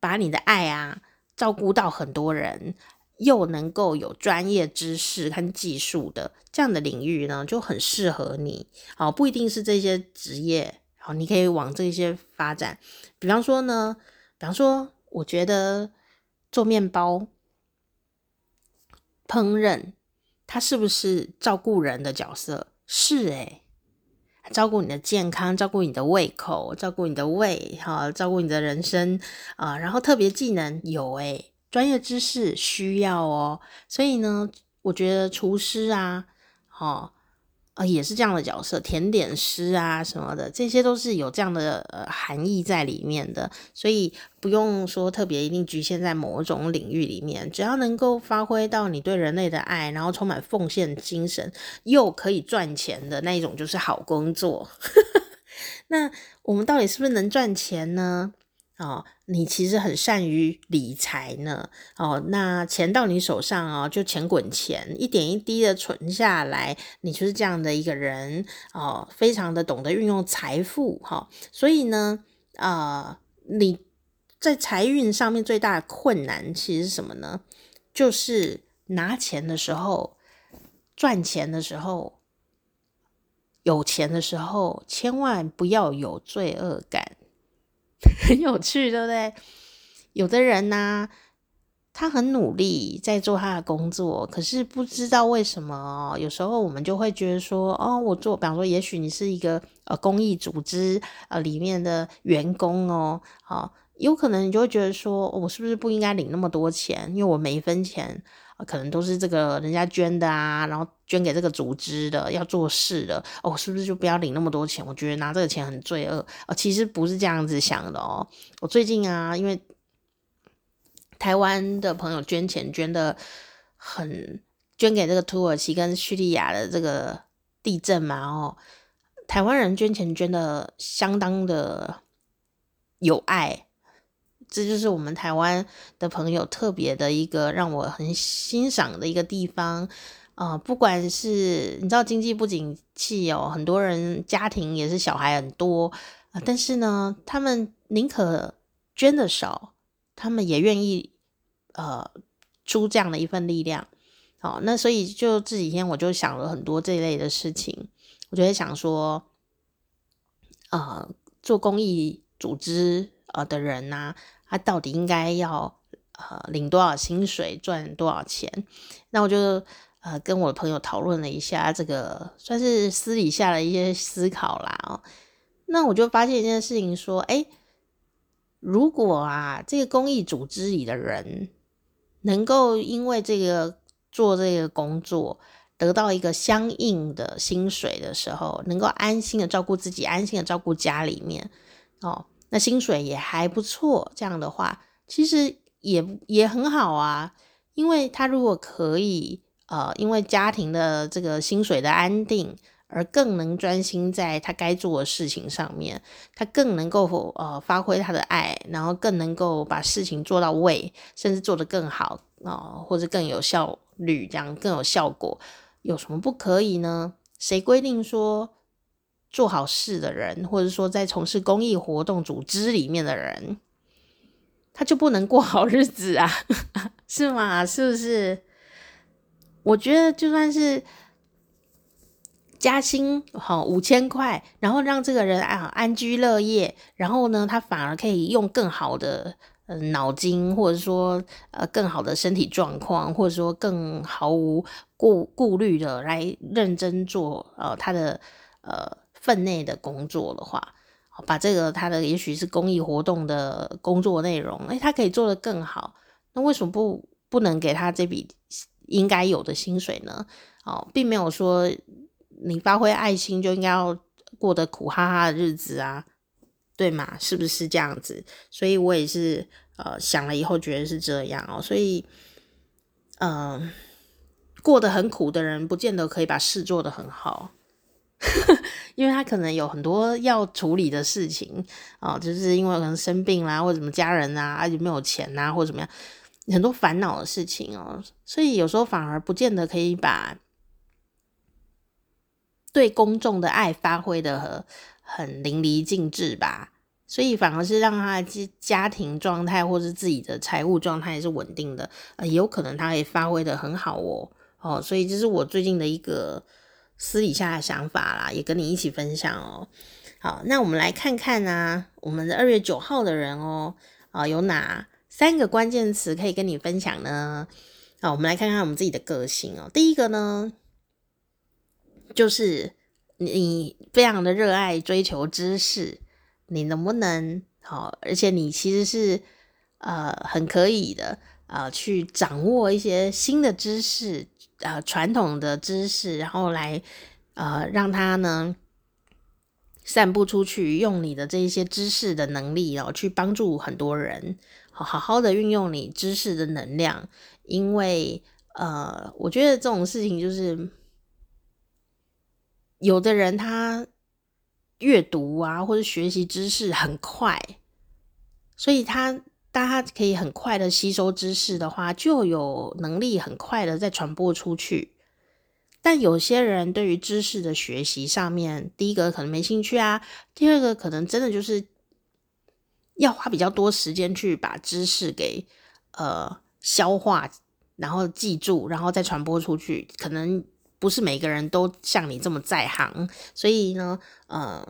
把你的愛啊，照顧到很多人，又能夠有專業知識跟技術的這樣的領域呢，就很適合你。好，不一定是這些職業，好，你可以往這些發展。比方說呢，比方說，我覺得做麵包、烹飪，它是不是照顧人的角色？是誒、欸照顧你的健康，照顧你的胃口，照顧你的胃，哈、啊，照顧你的人生啊。然後特別技能有誒、欸、專業知識需要哦。所以呢，我覺得廚師啊，好、啊。啊、呃，也是這樣的角色，甜點師啊什麼的，這些都是有這樣的呃含義在裡面的，所以不用說特別一定局限在某種領域裡面，只要能夠發揮到你對人類的愛，然後充滿奉獻精神，又可以賺錢的那一種，就是好工作。 那我們到底是不是能賺錢呢？哦，你其實很善於理財呢。哦，那錢到你手上哦，就錢滾錢，一點一滴的存下來，你就是這樣的一個人哦，非常的懂得運用財富哈、哦。所以呢，啊、呃，你在財運上面最大的困難其實是什麼呢？就是拿錢的時候、賺錢的時候、有錢的時候，千萬不要有罪惡感。 很有趣，對不對？有的人呢、啊，他很努力在做他的工作，可是不知道為什麼，有時候我們就會覺得說，哦，我做，比方說，也許你是一個呃公益組織呃裡面的員工哦，好、哦，有可能你就會覺得說、哦，我是不是不應該領那麼多錢，因為我沒分錢。可能都是這個人家捐的啊，然後捐給這個組織的要做事的哦，是不是就不要領那麼多錢？我覺得拿這個錢很罪惡。哦，其實不是這樣子想的哦。我最近啊，因為台灣的朋友捐錢捐的很，捐給這個土耳其跟敘利亞的這個地震嘛，哦，台灣人捐錢捐的相當的有愛。這就是我們台灣的朋友特別的一個讓我很欣賞的一個地方，啊、呃，不管是你知道經濟不景氣哦，很多人家庭也是小孩很多啊、呃，但是呢，他們寧可捐的少，他們也願意呃出這樣的一份力量，好、哦，那所以就這幾天我就想了很多這一類的事情，我就在想說，啊、呃、做公益組織啊、呃、的人吶、啊。他到底應該要呃領多少薪水，賺多少錢？那我就呃跟我的朋友討論了一下，這個算是私底下的一些思考啦哦、喔。那我就發現一件事情說，說、欸、誒如果啊這個公益組織裡的人能夠因為這個做這個工作得到一個相應的薪水的時候，能夠安心的照顧自己，安心的照顧家裡面哦。喔那薪水也還不錯，這樣的話其實也也很好啊，因為他如果可以，呃，因為家庭的這個薪水的安定，而更能專心在他該做的事情上面，他更能夠呃發揮他的愛，然後更能夠把事情做到位，甚至做得更好啊，呃，或者更有效率，這樣更有效果，有什麼不可以呢？誰規定說，做好事的人，或者說在從事公益活動組織裡面的人，他就不能過好日子啊？ 是嗎？是不是？我覺得就算是加薪好、哦、五千塊，然後讓這個人啊安居樂業，然後呢，他反而可以用更好的呃腦筋，或者說呃更好的身體狀況，或者說更毫無顧顧慮的來認真做呃他的呃。份內的工作的話，把這個他的也許是公益活動的工作內容，誒他可以做得更好，那為什麼不不能給他這筆應該有的薪水呢？哦，並沒有說你發揮愛心就應該要過得苦哈哈的日子啊，對嗎？是不是這樣子？所以我也是呃想了以後覺得是這樣哦，所以嗯、呃，過得很苦的人不見得可以把事做得很好。 因為他可能有很多要處理的事情啊、哦，就是因為可能生病啦、啊，或者什麼家人啊，而、啊、且沒有錢吶、啊，或者怎麼樣，很多煩惱的事情哦，所以有時候反而不見得可以把對公眾的愛發揮的很很淋漓盡致吧，所以反而是讓他家家庭狀態或是自己的財務狀態也是穩定的，也有可能他也發揮的很好哦，哦，所以這是我最近的一個。私底下的想法啦，也跟你一起分享哦。好，那我們來看看啊，我們的二月九號的人哦，啊，有哪三個關鍵詞可以跟你分享呢？好、啊，我們來看看我們自己的個性哦。第一個呢，就是你非常的熱愛追求知識，你能不能好、啊？而且你其實是呃很可以的，啊，去掌握一些新的知識。呃，傳統的知識，然後來呃，讓他呢散布出去，用你的這些知識的能力，哦，然後去幫助很多人，好好好的運用你知識的能量。因為呃，我覺得這種事情就是有的人他閱讀啊，或者學習知識很快，所以他。大家可以很快的吸收知識的話，就有能力很快的再傳播出去。但有些人對於知識的學習上面，第一個可能沒興趣啊，第二個可能真的就是要花比較多時間去把知識給呃消化，然後記住，然後再傳播出去。可能不是每個人都像你這麼在行，所以呢，呃，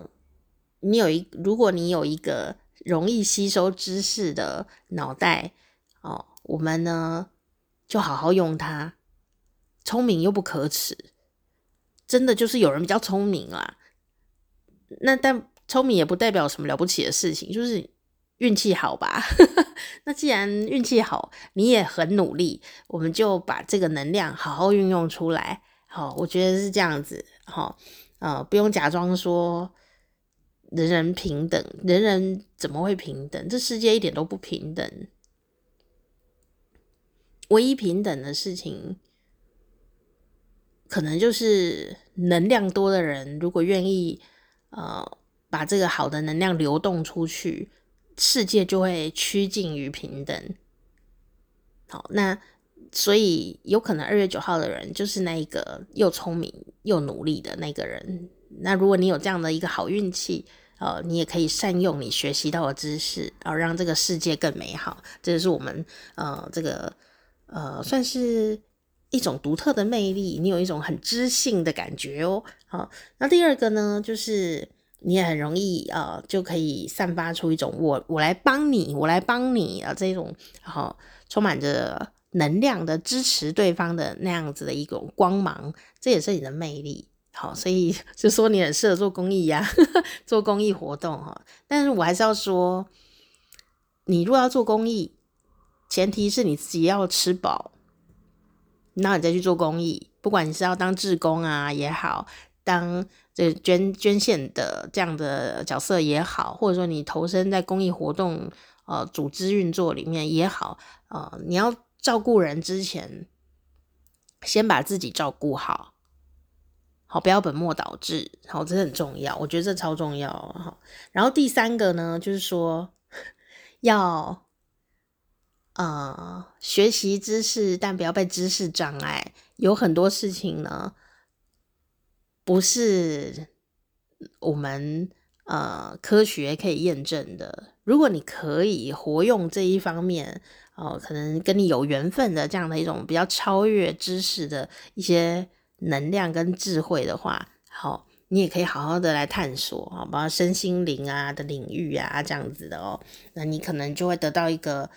你有一如果你有一個。容易吸收知識的腦袋哦，我們呢就好好用它，聰明又不可恥，真的就是有人比較聰明啦。那但聰明也不代表什麼了不起的事情，就是運氣好吧。 那既然運氣好，你也很努力，我們就把這個能量好好運用出來。好、哦，我覺得是這樣子。好、哦呃，不用假裝說。人人平等，人人怎麼會平等？這世界一點都不平等。唯一平等的事情，可能就是能量多的人，如果願意，呃，把這個好的能量流動出去，世界就會趨近於平等。好，那所以有可能二月九號的人，就是那一個又聰明又努力的那個人。那如果你有這樣的一個好運氣，呃、哦，你也可以善用你學習到的知識，然、哦、後讓這個世界更美好。這是我們呃，這個呃，算是一種獨特的魅力。你有一種很知性的感覺哦。好、哦，那第二個呢，就是你也很容易啊、哦，就可以散發出一種我我來幫你，我來幫你啊、哦、這種，啊、哦、充滿着能量的支持對方的那樣子的一種光芒。這也是你的魅力。好，所以就說你很適合做公益呀、啊，做公益活動哈。但是我還是要說，你如果要做公益，前提是你自己要吃飽，那你再去做公益。不管你是要當志工啊也好，當這個捐捐獻的這樣的角色也好，或者說你投身在公益活動呃組織運作裡面也好，呃，你要照顧人之前，先把自己照顧好。好，不要本末倒置，好，這很重要，我覺得這超重要，好，然後第三個呢，就是說，要，呃，學習知識，但不要被知識障礙。有很多事情呢，不是我們呃科學可以驗證的。如果你可以活用這一方面，哦、呃，可能跟你有緣分的這樣的一種比較超越知識的一些。能量跟智慧的話，好，你也可以好好的來探索，好吧，包括身心靈啊的領域啊，這樣子的哦。那你可能就會得到一個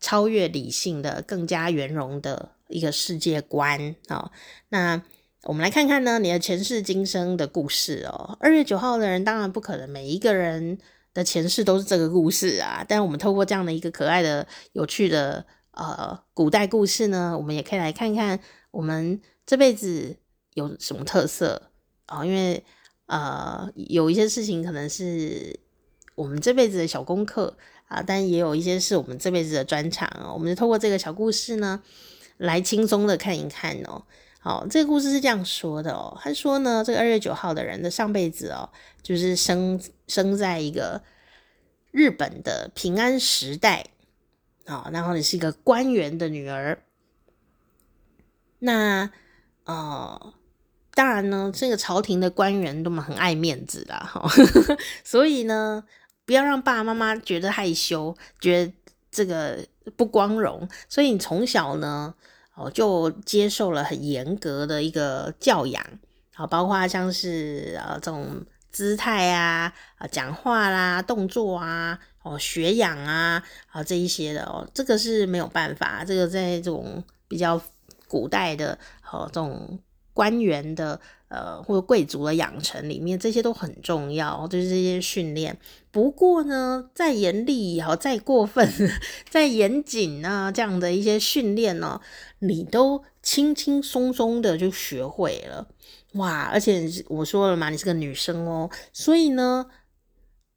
超越理性的、更加圓融的一個世界觀啊。那我們來看看呢，你的前世今生的故事哦。二月九號的人當然不可能每一個人的前世都是這個故事啊，但我們透過這樣的一個可愛的、有趣的呃古代故事呢，我們也可以來看看我們。這輩子有什麼特色啊、哦？因為呃，有一些事情可能是我們這輩子的小功課啊，但也有一些是我們這輩子的專長哦。我們就透過這個小故事呢，來輕鬆的看一看哦。好、哦，這個故事是這樣說的哦。他說呢，這個二月九號的人的上輩子哦，就是生生在一個日本的平安時代，哦。然後你是一個官員的女兒，那。哦、呃，當然呢，這個朝廷的官員都嘛很愛面子啦，哈呵呵，所以呢，不要讓爸爸媽媽覺得害羞，覺得這個不光榮，所以你從小呢，哦、呃，就接受了很嚴格的一個教養，啊、呃，包括像是呃這種姿態啊、啊、呃、講話啦、動作啊、哦學養啊、啊、呃、這一些的哦、呃，這個是沒有辦法，這個在這種比較古代的。好，這種官員的呃，或者貴族的養成裡面，這些都很重要，就是這些訓練。不過呢，再嚴厲也好，再過分、再嚴謹啊這樣的一些訓練呢，你都輕輕鬆鬆的就學會了哇！而且我說了嘛，你是個女生哦、喔，所以呢，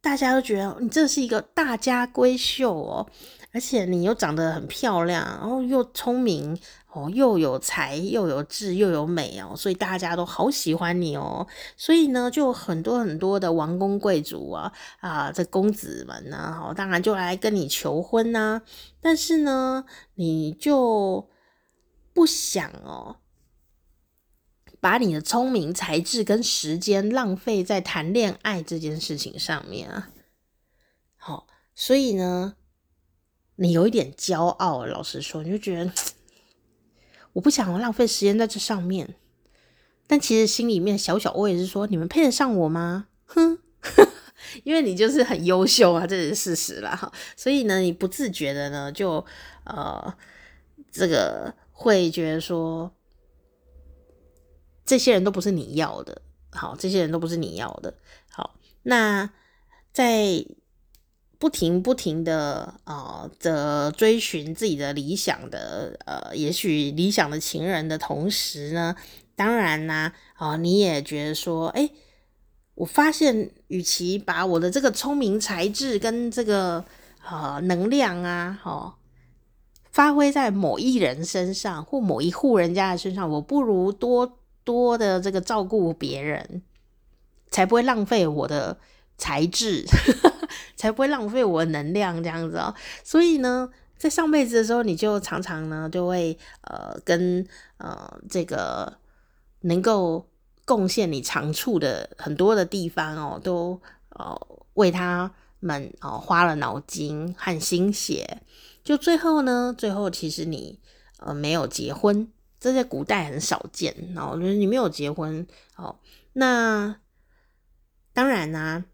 大家都覺得你這是一個大家閨秀哦、喔，而且你又長得很漂亮，然後又聰明。哦，又有才，又有智，又有美哦，所以大家都好喜歡你哦。所以呢，就很多很多的王公貴族啊，啊這公子們呢、啊，哈、哦，當然就來跟你求婚啊。但是呢，你就不想哦，把你的聰明才智跟時間浪費在談戀愛這件事情上面啊。好、哦，所以呢，你有一點驕傲、啊，老實說，你就覺得。我不想浪費時間在這上面，但其實心裡面小小我也是說，你們配得上我嗎？哼， 因為你就是很優秀啊，這也是事實啦。所以呢，你不自覺的呢，就呃，這個會覺得說，這些人都不是你要的，好，這些人都不是你要的，好。那在。不停不停的啊，這、呃、追尋自己的理想的呃，也許理想的情人的同時呢，當然呢啊、哦，你也覺得說，哎、欸，我發現，與其把我的這個聰明才智跟這個啊、呃、能量啊，哦，發揮在某一人身上或某一戶人家的身上，我不如多多的這個照顧別人，才不會浪費我的才智。 才不會浪費我的能量，這樣子哦、喔，所以呢，在上輩子的時候，你就常常呢就會呃跟呃這個能夠貢獻你長處的很多的地方哦、喔，都哦、呃、為他們哦、呃、花了腦筋和心血，就最後呢，最後其實你呃沒有結婚，這在古代很少見，哦。我覺得你沒有結婚哦、喔，那當然啦、啊。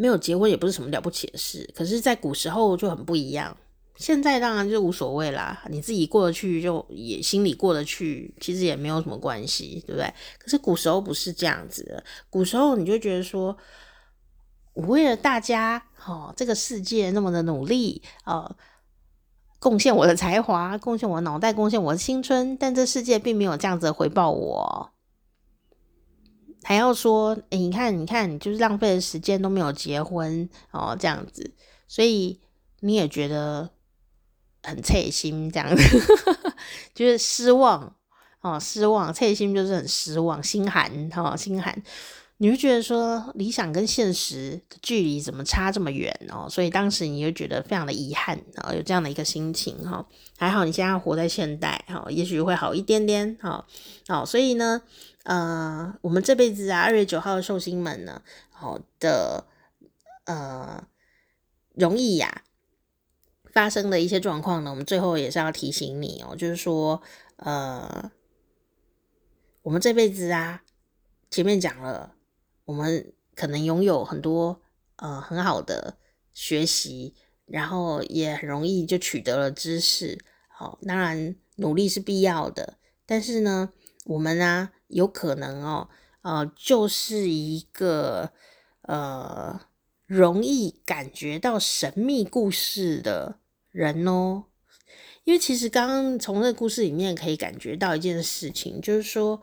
沒有結婚也不是什麼了不起的事，可是，在古時候就很不一樣。現在當然就無所謂啦，你自己過得去就也心裡過得去，其實也沒有什麼關係，對不對？可是古時候不是這樣子的，古時候你就覺得說，我為了大家、哦，這個世界那麼的努力，呃、哦，貢獻我的才華，貢獻我的腦袋，貢獻我的青春，但這世界並沒有這樣子的回報我。還要說、欸，你看，你看，就是浪費了時間都沒有結婚哦，這樣子，所以你也覺得很脆心，這樣子， 就是失望哦，失望，脆心就是很失望，心寒哈、哦，心寒，你就覺得說理想跟現實距離怎麼差這麼遠哦，所以當時你就覺得非常的遺憾啊、哦，有這樣的一個心情哈、哦，還好你現在要活在現代哈、哦，也許會好一點點哈，好、哦哦，所以呢。呃，我們這輩子啊，二月九號的壽星們呢，好的，呃，容易呀，發生的一些狀況呢，我們最後也是要提醒你哦，就是說，呃，我們這輩子啊，前面講了，我們可能擁有很多呃很好的學習，然後也很容易就取得了知識，好，當然努力是必要的，但是呢，我們啊。有可能哦，呃，就是一個呃，容易感覺到神秘故事的人哦。因為其實剛剛從這個故事裡面可以感覺到一件事情，就是說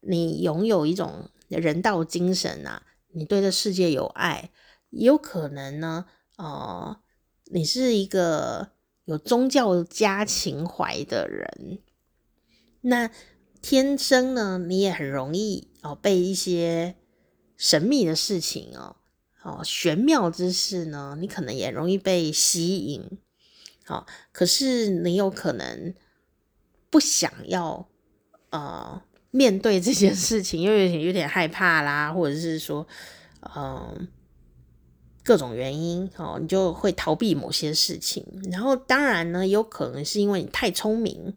你擁有一種人道精神吶，啊，你對這世界有愛，有可能呢，呃，你是一個有宗教家情懷的人，那。天生呢，你也很容易哦，被一些神秘的事情哦，哦玄妙之事呢，你可能也容易被吸引。好、哦，可是你有可能不想要呃面對這些事情，又有點有點害怕啦，或者是說嗯、呃、各種原因哦，你就會逃避某些事情。然後當然呢，有可能是因為你太聰明。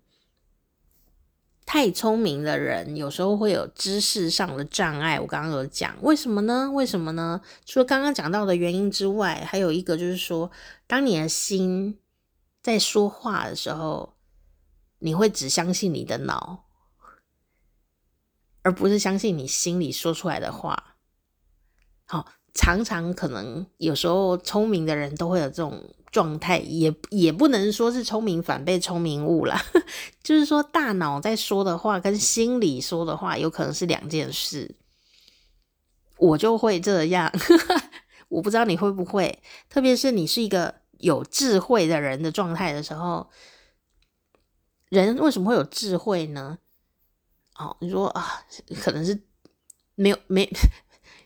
太聰明的人，有時候會有知識上的障礙。我剛剛有講，為什麼呢？為什麼呢？除了剛剛講到的原因之外，還有一個就是說，當你的心在說話的時候，你會只相信你的腦，而不是相信你心裡說出來的話。好，常常可能有時候聰明的人都會有這種。狀態，也也不能說是聰明反被聰明誤啦， 就是說大腦在說的話跟心裡說的話有可能是兩件事。我就會這樣， 我不知道你會不會。特別是你是一個有智慧的人的狀態的時候，人為什麼會有智慧呢？哦，你說啊，可能是沒有沒，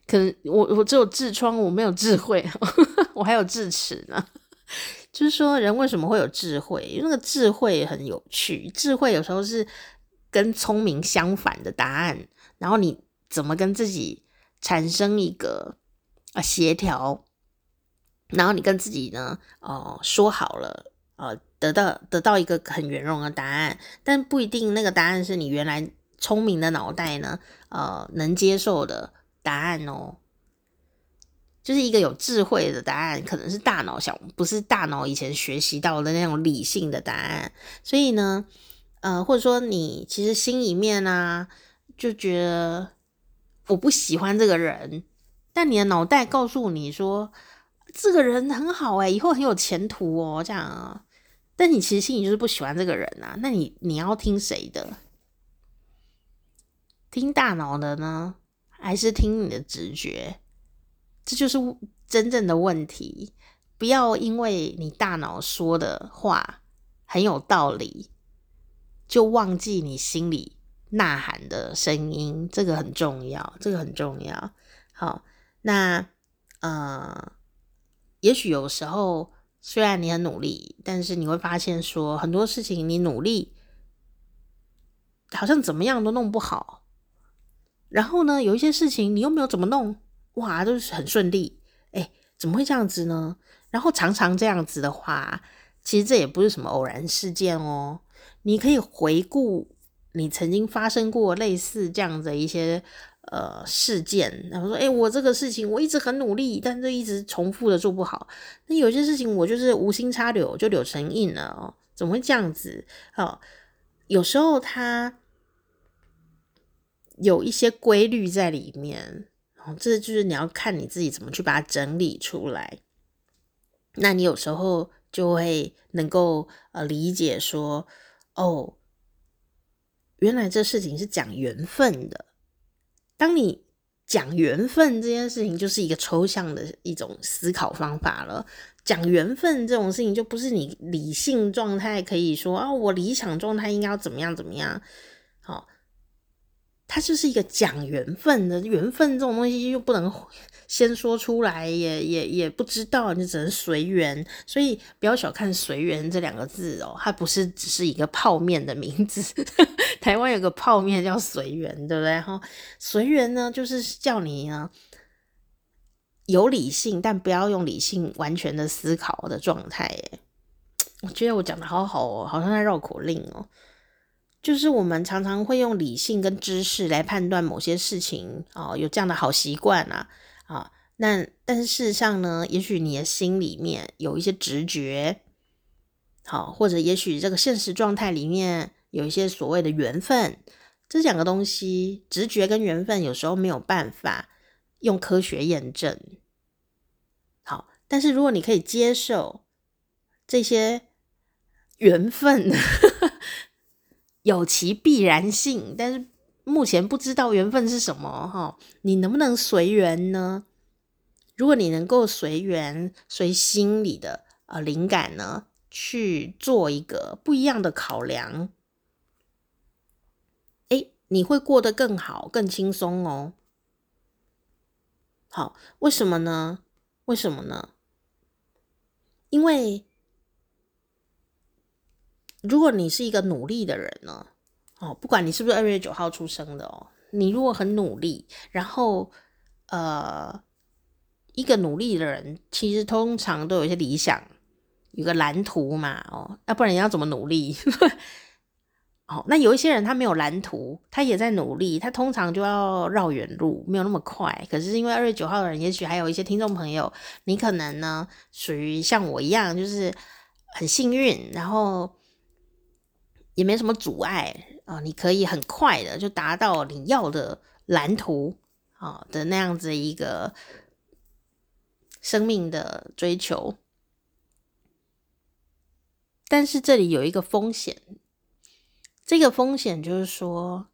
可能我我只有痔瘡，我沒有智慧， 我還有智齒呢。就是說，人為什麼會有智慧？因為那個智慧很有趣，智慧有時候是跟聰明相反的答案。然後你怎麼跟自己產生一個啊協調？然後你跟自己呢，哦、呃，說好了，呃，得到得到一個很圓融的答案，但不一定那個答案是你原來聰明的腦袋呢，呃，能接受的答案哦。就是一個有智慧的答案，可能是大腦想，不是大腦以前學習到的那種理性的答案。所以呢，呃，或者說你其實心裡面啊，就覺得我不喜歡這個人，但你的腦袋告訴你說，這個人很好哎、欸，以後很有前途哦這樣啊。但你其實心裡就是不喜歡這個人啊，那你你要聽誰的？聽大腦的呢，還是聽你的直覺？這就是真正的問題。不要因為你大腦說的話很有道理，就忘記你心裡吶喊的聲音。這個很重要，這個很重要。好，那嗯、呃，也許有時候雖然你很努力，但是你會發現說很多事情你努力好像怎麼樣都弄不好。然後呢，有一些事情你又沒有怎麼弄。哇，都是很順利，哎、欸，怎麼會這樣子呢？然後常常這樣子的話，其實這也不是什麼偶然事件哦、喔。你可以回顧你曾經發生過類似這樣的一些呃事件，然後說，哎、欸，我這個事情我一直很努力，但是一直重複的做不好。那有些事情我就是無心插柳就柳成蔭了哦、喔，怎麼會這樣子？哦、啊，有時候它有一些規律在裡面。這就是你要看你自己怎麼去把它整理出來。那你有時候就會能夠，呃，理解說，哦，原來這事情是講緣分的。當你講緣分這件事情，就是一個抽象的一種思考方法了。講緣分這種事情，就不是你理性狀態可以說，哦，我理想狀態應該要怎麼樣怎麼樣。它就是一個講緣分的，緣分這種東西又不能先說出來，也也也不知道，你只能隨緣。所以不要小看“隨緣”這兩個字哦，它不是只是一個泡麵的名字。 台灣有個泡麵叫“隨緣”，對不對？然後“隨緣”呢，就是叫你啊有理性，但不要用理性完全的思考的狀態。我覺得我講的好好哦，好像在繞口令哦。就是我們常常會用理性跟知識來判斷某些事情啊、哦，有這樣的好習慣啊，啊、哦，那但是事實上呢，也許你的心裡面有一些直覺，好、哦，或者也許這個現實狀態裡面有一些所謂的緣分，這兩個東西，直覺跟緣分有時候沒有辦法用科學驗證。好、哦，但是如果你可以接受這些緣分。 有其必然性，但是目前不知道緣分是什麼哈，你能不能隨緣呢？如果你能夠隨緣，隨心裡的啊靈感呢去做一個不一樣的考量，誒，你會過得更好、更輕鬆哦。好，為什麼呢？為什麼呢？因為。如果你是一個努力的人呢，哦，不管你是不是二月九號出生的哦，你如果很努力，然後呃，一個努力的人其實通常都有一些理想，有個藍圖嘛，哦，要、啊、不然你要怎麼努力？ 哦，那有一些人他沒有藍圖，他也在努力，他通常就要繞遠路，沒有那麼快。可是因為二月九號的人，也許還有一些聽眾朋友，你可能呢屬於像我一樣，就是很幸運，然後。也沒什麼阻礙啊、哦，你可以很快的就達到你要的藍圖啊、哦、的那樣子一個生命的追求。但是這裡有一個風險，這個風險就是說，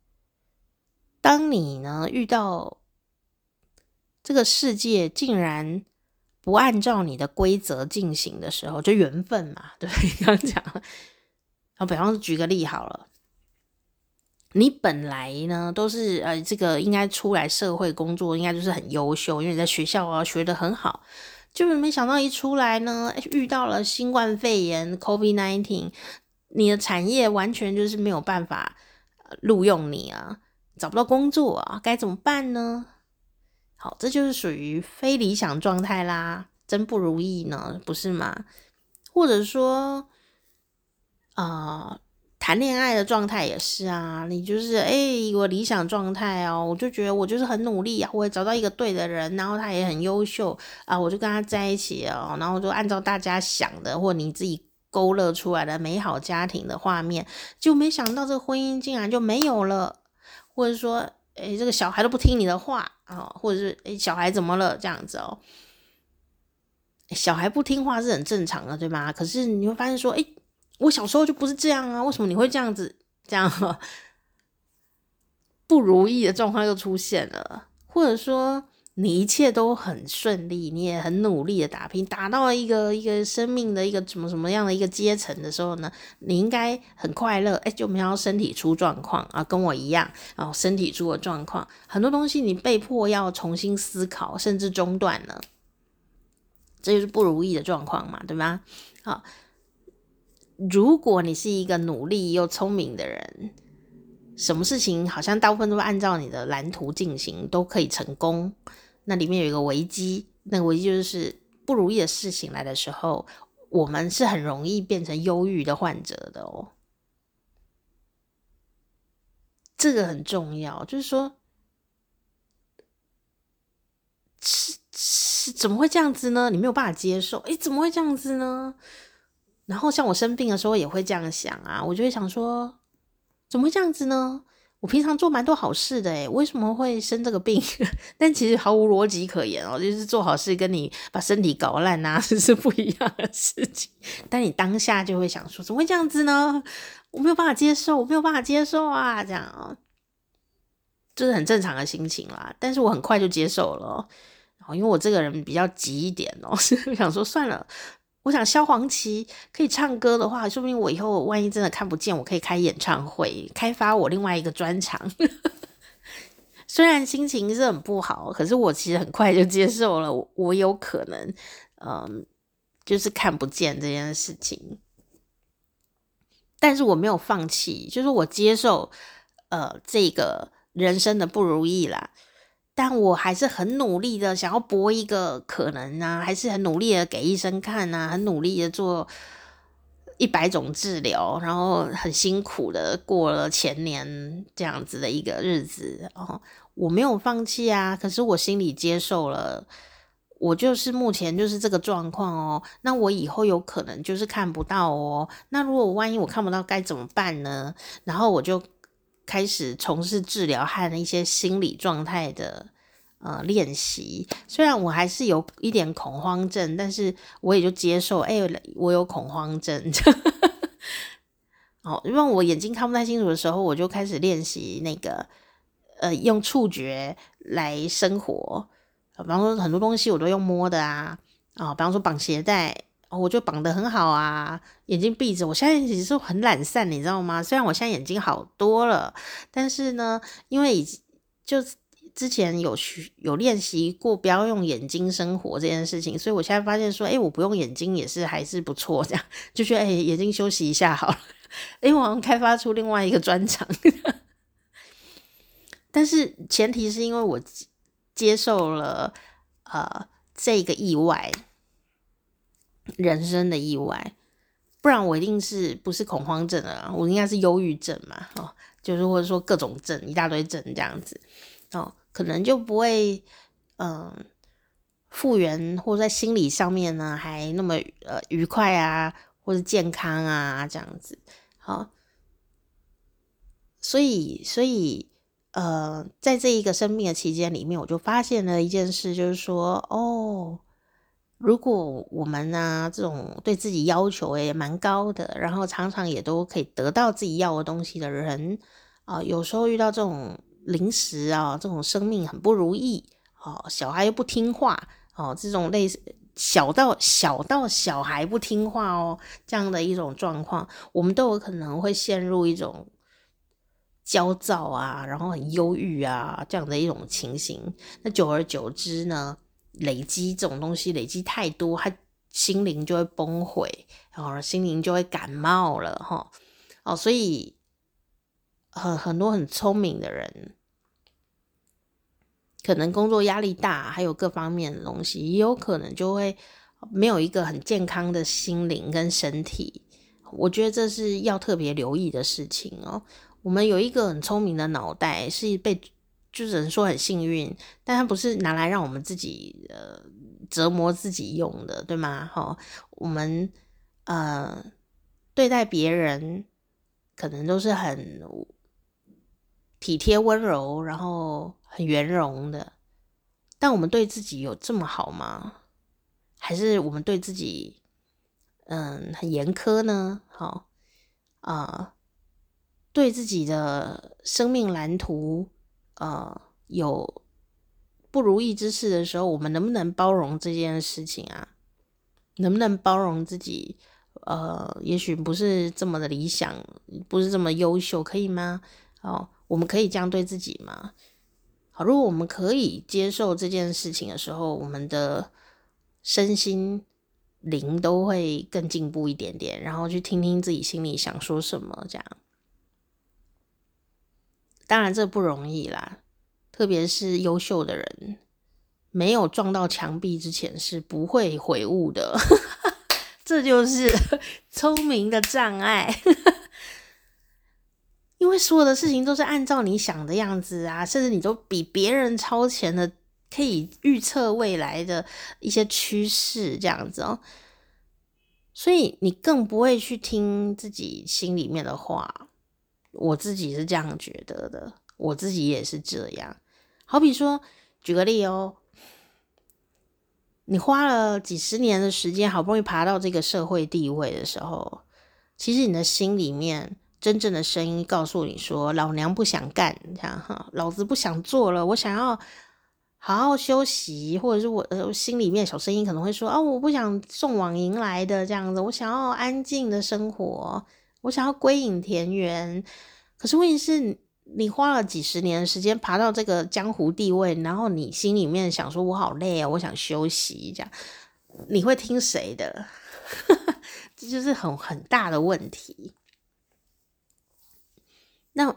當你呢遇到這個世界竟然不按照你的規則進行的時候，就緣分嘛，對不對？剛講。啊、哦，比方說舉個例好了，你本來呢都是呃，這個應該出來社會工作應該就是很優秀，因為你在學校啊學得很好，就是沒想到一出來呢、哎、遇到了新冠肺炎 （COVID-19），你的產業完全就是沒有辦法、呃、錄用你啊，找不到工作啊，該怎麼辦呢？好，這就是屬於非理想狀態啦，真不如意呢，不是嗎？或者說。啊，談戀愛的狀態也是啊，你就是誒，我理想狀態哦，我就覺得我就是很努力啊，我會找到一個對的人，然後他也很優秀啊，我就跟他在一起哦，然後就按照大家想的或你自己勾勒出來的美好家庭的畫面，就沒想到這個婚姻竟然就沒有了，或者說，誒，這個小孩都不聽你的話啊，或者是誒，小孩怎麼了這樣子哦，小孩不聽話是很正常的，對嗎？可是你會發現說，誒。我小時候就不是這樣啊，為什麼你會這樣子這樣？不如意的狀況又出現了，或者說你一切都很順利，你也很努力的打拼，達到了一個一個生命的一個什麼什麼樣的一個階層的時候呢？你應該很快樂，哎，就沒有身體出狀況啊，跟我一樣，然後、哦、身體出了狀況，很多東西你被迫要重新思考，甚至中斷了，這就是不如意的狀況嘛，對吧？好、哦。如果你是一個努力又聰明的人，什麼事情好像大部分都按照你的藍圖進行，都可以成功。那裡面有一個危機，那個危機就是不如意的事情來的時候，我們是很容易變成憂鬱的患者的哦。這個很重要，就是說，是是，是怎麼會這樣子呢？你沒有辦法接受，哎，怎麼會這樣子呢？然後像我生病的時候也會這樣想啊，我就會想說，怎麼會這樣子呢？我平常做蠻多好事的誒，為什麼會生這個病？但其實毫無邏輯可言哦，就是做好事跟你把身體搞爛吶，啊，是不一樣的事情。但你當下就會想說，怎麼會這樣子呢？我沒有辦法接受，我沒有辦法接受啊，這樣就是很正常的心情啦。但是我很快就接受了，然後因為我這個人比較急一點哦，想說算了。我想蕭煌奇可以唱歌的話，說不定，我以後萬一真的看不見，我可以開演唱會，開發我另外一個專長。 雖然心情是很不好，可是我其實很快就接受了，我有可能，嗯，就是看不見這件事情，但是我沒有放棄，就是我接受，呃，這個人生的不如意啦。但我還是很努力的想要搏一個可能啊，還是很努力的給醫生看吶，很努力的做一百種治療，然後很辛苦的過了前年這樣子的一個日子。哦，我沒有放棄啊，可是我心裡接受了，我就是目前就是這個狀況哦。那我以後有可能就是看不到哦。那如果萬一我看不到，該怎麼辦呢？然後我就。開始從事治療和一些心理狀態的呃練習，雖然我還是有一點恐慌症，但是我也就接受，哎、欸，我有恐慌症。 哦，因為我眼睛看不太清楚的時候，我就開始練習那個呃，用觸覺來生活。比方說，很多東西我都用摸的啊啊、哦，比方說綁鞋帶。哦，我就綁得很好啊，眼睛閉着。我現在也是很懶散，你知道嗎？雖然我現在眼睛好多了，但是呢，因為就之前有去有練習過不要用眼睛生活這件事情，所以我現在發現說，哎，我不用眼睛也是還是不錯，這樣就覺得哎，眼睛休息一下好了。欸，我好像開發出另外一個專長。 但是前提是因為我接受了呃這個意外。人生的意外，不然我一定是不是恐慌症了？我應該是憂鬱症嘛？哦，就是或者說各種症一大堆症這樣子，哦，可能就不會嗯復原，或在心理上面呢還那麼呃愉快啊，或者健康啊這樣子。好、哦，所以所以呃，在這一個生病的期間裡面，我就發現了一件事，就是說哦。如果我們呢、啊、這種對自己要求也蠻高的，然後常常也都可以得到自己要的東西的人啊，有時候遇到這種臨時啊，這種生命很不如意哦、啊，小孩又不聽話哦、啊，這種類似小到小到小孩不聽話哦這樣的一種狀況，我們都有可能會陷入一種焦躁啊，然後很憂鬱啊這樣的一種情形，那久而久之呢？累積這種東西，累積太多，他心靈就會崩潰，然後心靈就會感冒了哈。哦，所以很、呃、很多很聰明的人，可能工作壓力大，還有各方面的東西，也有可能就會沒有一個很健康的心靈跟身體。我覺得這是要特別留意的事情哦。我們有一個很聰明的腦袋，是被。就只能說很幸運，但它不是拿來讓我們自己呃折磨自己用的，對嗎？哈、哦，我們呃對待別人可能都是很體貼溫柔，然後很圓融的，但我們對自己有這麼好嗎？還是我們對自己嗯、呃、很嚴苛呢？好、哦、啊、呃，對自己的生命藍圖。呃，有不如意之事的時候，我們能不能包容這件事情啊？能不能包容自己？呃，也許不是這麼的理想，不是這麼優秀，可以嗎？哦、呃，我們可以這樣對自己嗎？好，如果我們可以接受這件事情的時候，我們的身心靈都會更進步一點點，然後去聽聽自己心裡想說什麼，這樣。當然，這不容易啦。特別是優秀的人，沒有撞到牆壁之前是不會悔悟的。 這就是聰明的障礙， 因為所有的事情都是按照你想的樣子啊，甚至你都比別人超前的，可以預測未來的一些趨勢這樣子哦、喔。所以你更不會去聽自己心裡面的話。我自己是這樣覺得的，我自己也是這樣。好比說，舉個例哦，你花了幾十年的時間，好不容易爬到這個社會地位的時候，其實你的心裡面真正的聲音告訴你說：“老娘不想幹，這樣哈，老子不想做了，我想要好好休息。”或者是我，呃，我心裡面的小聲音可能會說：“哦，我不想送往迎來的這樣子，我想要安靜的生活。”我想要歸隱田園，可是問題是你，你花了幾十年的時間爬到這個江湖地位，然後你心裡面想說：“我好累啊，我想休息。”這樣你會聽誰的？這 就是很很大的問題。那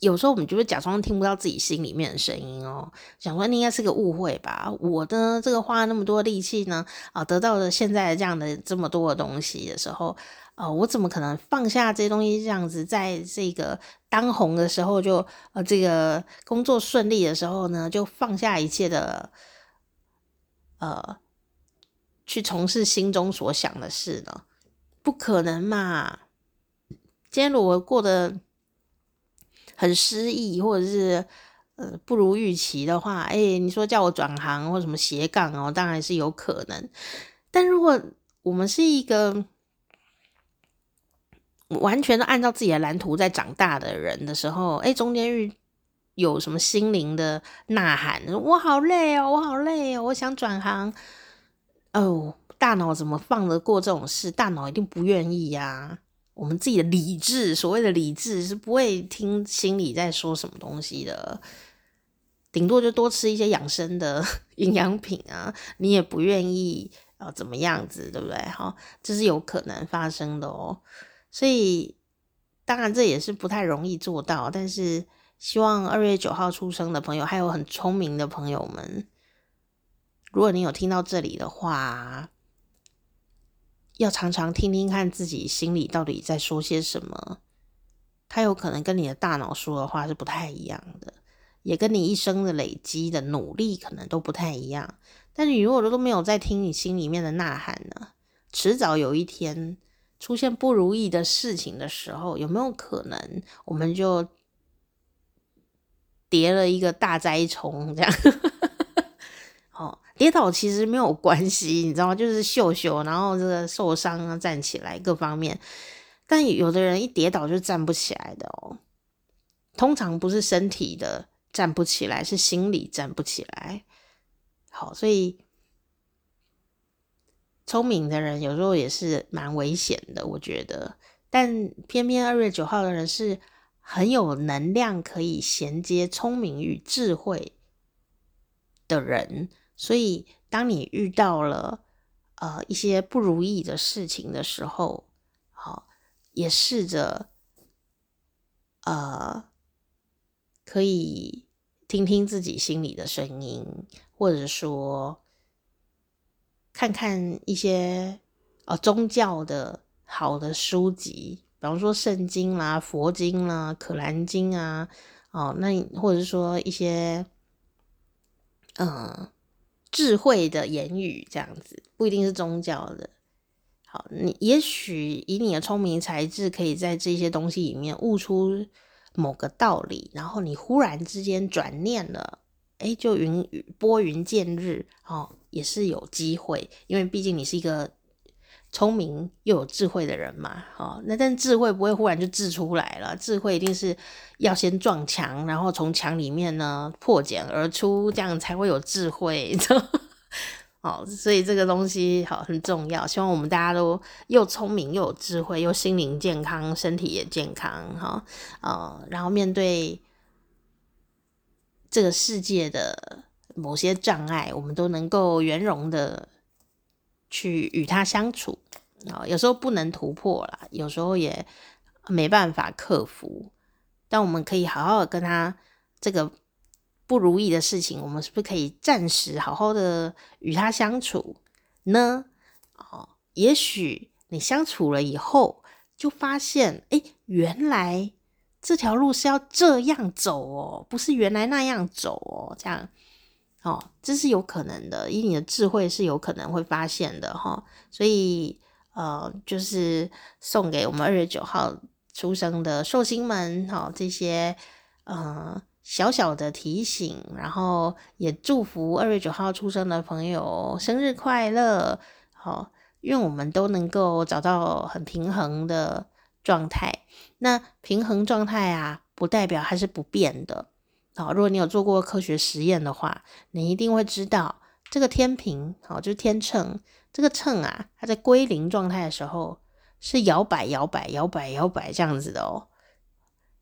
有時候我們就會假裝聽不到自己心裡面的聲音哦、喔。想說你應該是個誤會吧？我的這個花了那麼多力氣呢，啊，得到了現在這樣的這麼多的東西的時候。哦、呃，我怎麼可能放下這些東西，這樣子在這個當紅的時候就呃，這個工作順利的時候呢，就放下一切的呃，去從事心中所想的事呢？不可能嘛！今天如果過得很失意，或者是呃不如預期的話，哎，你說叫我轉行或什麼斜槓哦，當然是有可能。但如果我們是一個。完全按照自己的藍圖在長大的人的時候，誒中間遇有什麼心靈的吶喊，我好累哦，我好累哦，我想轉行哦，大腦怎麼放得過這種事？大腦一定不願意呀。我們自己的理智，所謂的理智是不會聽心裡在說什麼東西的。頂多就多吃一些養生的營養品啊，你也不願意啊，怎麼樣子，對不對？哈，這是有可能發生的哦。所以，當然這也是不太容易做到，但是希望二月九號出生的朋友，還有很聰明的朋友們，如果你有聽到這裡的話，要常常聽聽看自己心裡到底在說些什麼。他有可能跟你的大腦說的話是不太一樣的，也跟你一生的累積的努力可能都不太一樣。但你如果都沒有在聽你心裡面的吶喊呢，遲早有一天。出現不如意的事情的時候，有沒有可能我們就跌了一個大災蟲這樣？ 哦，跌倒其實沒有關係，你知道嗎？就是秀秀，然後這個受傷啊，站起來各方面。但有的人一跌倒就站不起來的哦，通常不是身體的站不起來，是心理站不起來。好，所以。聰明的人有時候也是蠻危險的，我覺得。但偏偏二月九號的人是很有能量，可以銜接聰明與智慧的人。所以，當你遇到了呃一些不如意的事情的時候，好、哦，也試着呃可以聽聽自己心裡的聲音，或者說。看看一些哦宗教的好的書籍，比方說聖經啦、啊、佛經啦、啊、可蘭經啊，哦，那或者是說一些嗯、呃、智慧的言語，這樣子不一定是宗教的。好，你也許以你的聰明才智，可以在這些東西裡面悟出某個道理，然後你忽然之間轉念了。哎，就雲，雲，撥雲見日哦，也是有機會，因為畢竟你是一個聰明又有智慧的人嘛，哦，那但智慧不會忽然就智出來了，智慧一定是要先撞牆，然後從牆裡面呢破繭而出，這樣才會有智慧，呵呵哦，所以這個東西好、哦、很重要，希望我們大家都又聰明又有智慧，又心靈健康，身體也健康，哈、哦，呃、哦，然後面對。這個世界的某些障礙，我們都能夠圓融的去與他相處。啊、哦，有時候不能突破了，有時候也沒辦法克服，但我們可以好好的跟他這個不如意的事情，我們是不是可以暫時好好的與他相處呢？哦，也許你相處了以後，就發現，誒，原來。這條路是要這樣走哦，不是原來那樣走哦，這樣哦，這是有可能的，以你的智慧是有可能會發現的哈、哦。所以呃，就是送給我們二月九號出生的壽星們哈、哦，這些呃小小的提醒，然後也祝福二月九號出生的朋友生日快樂，好、哦，願我們都能夠找到很平衡的狀態，那平衡狀態啊，不代表它是不變的。好，如果你有做過科學實驗的話，你一定會知道這個天平，好，就是天秤，這個秤啊，它在歸零狀態的時候是搖擺、搖擺、搖擺、搖擺這樣子的哦。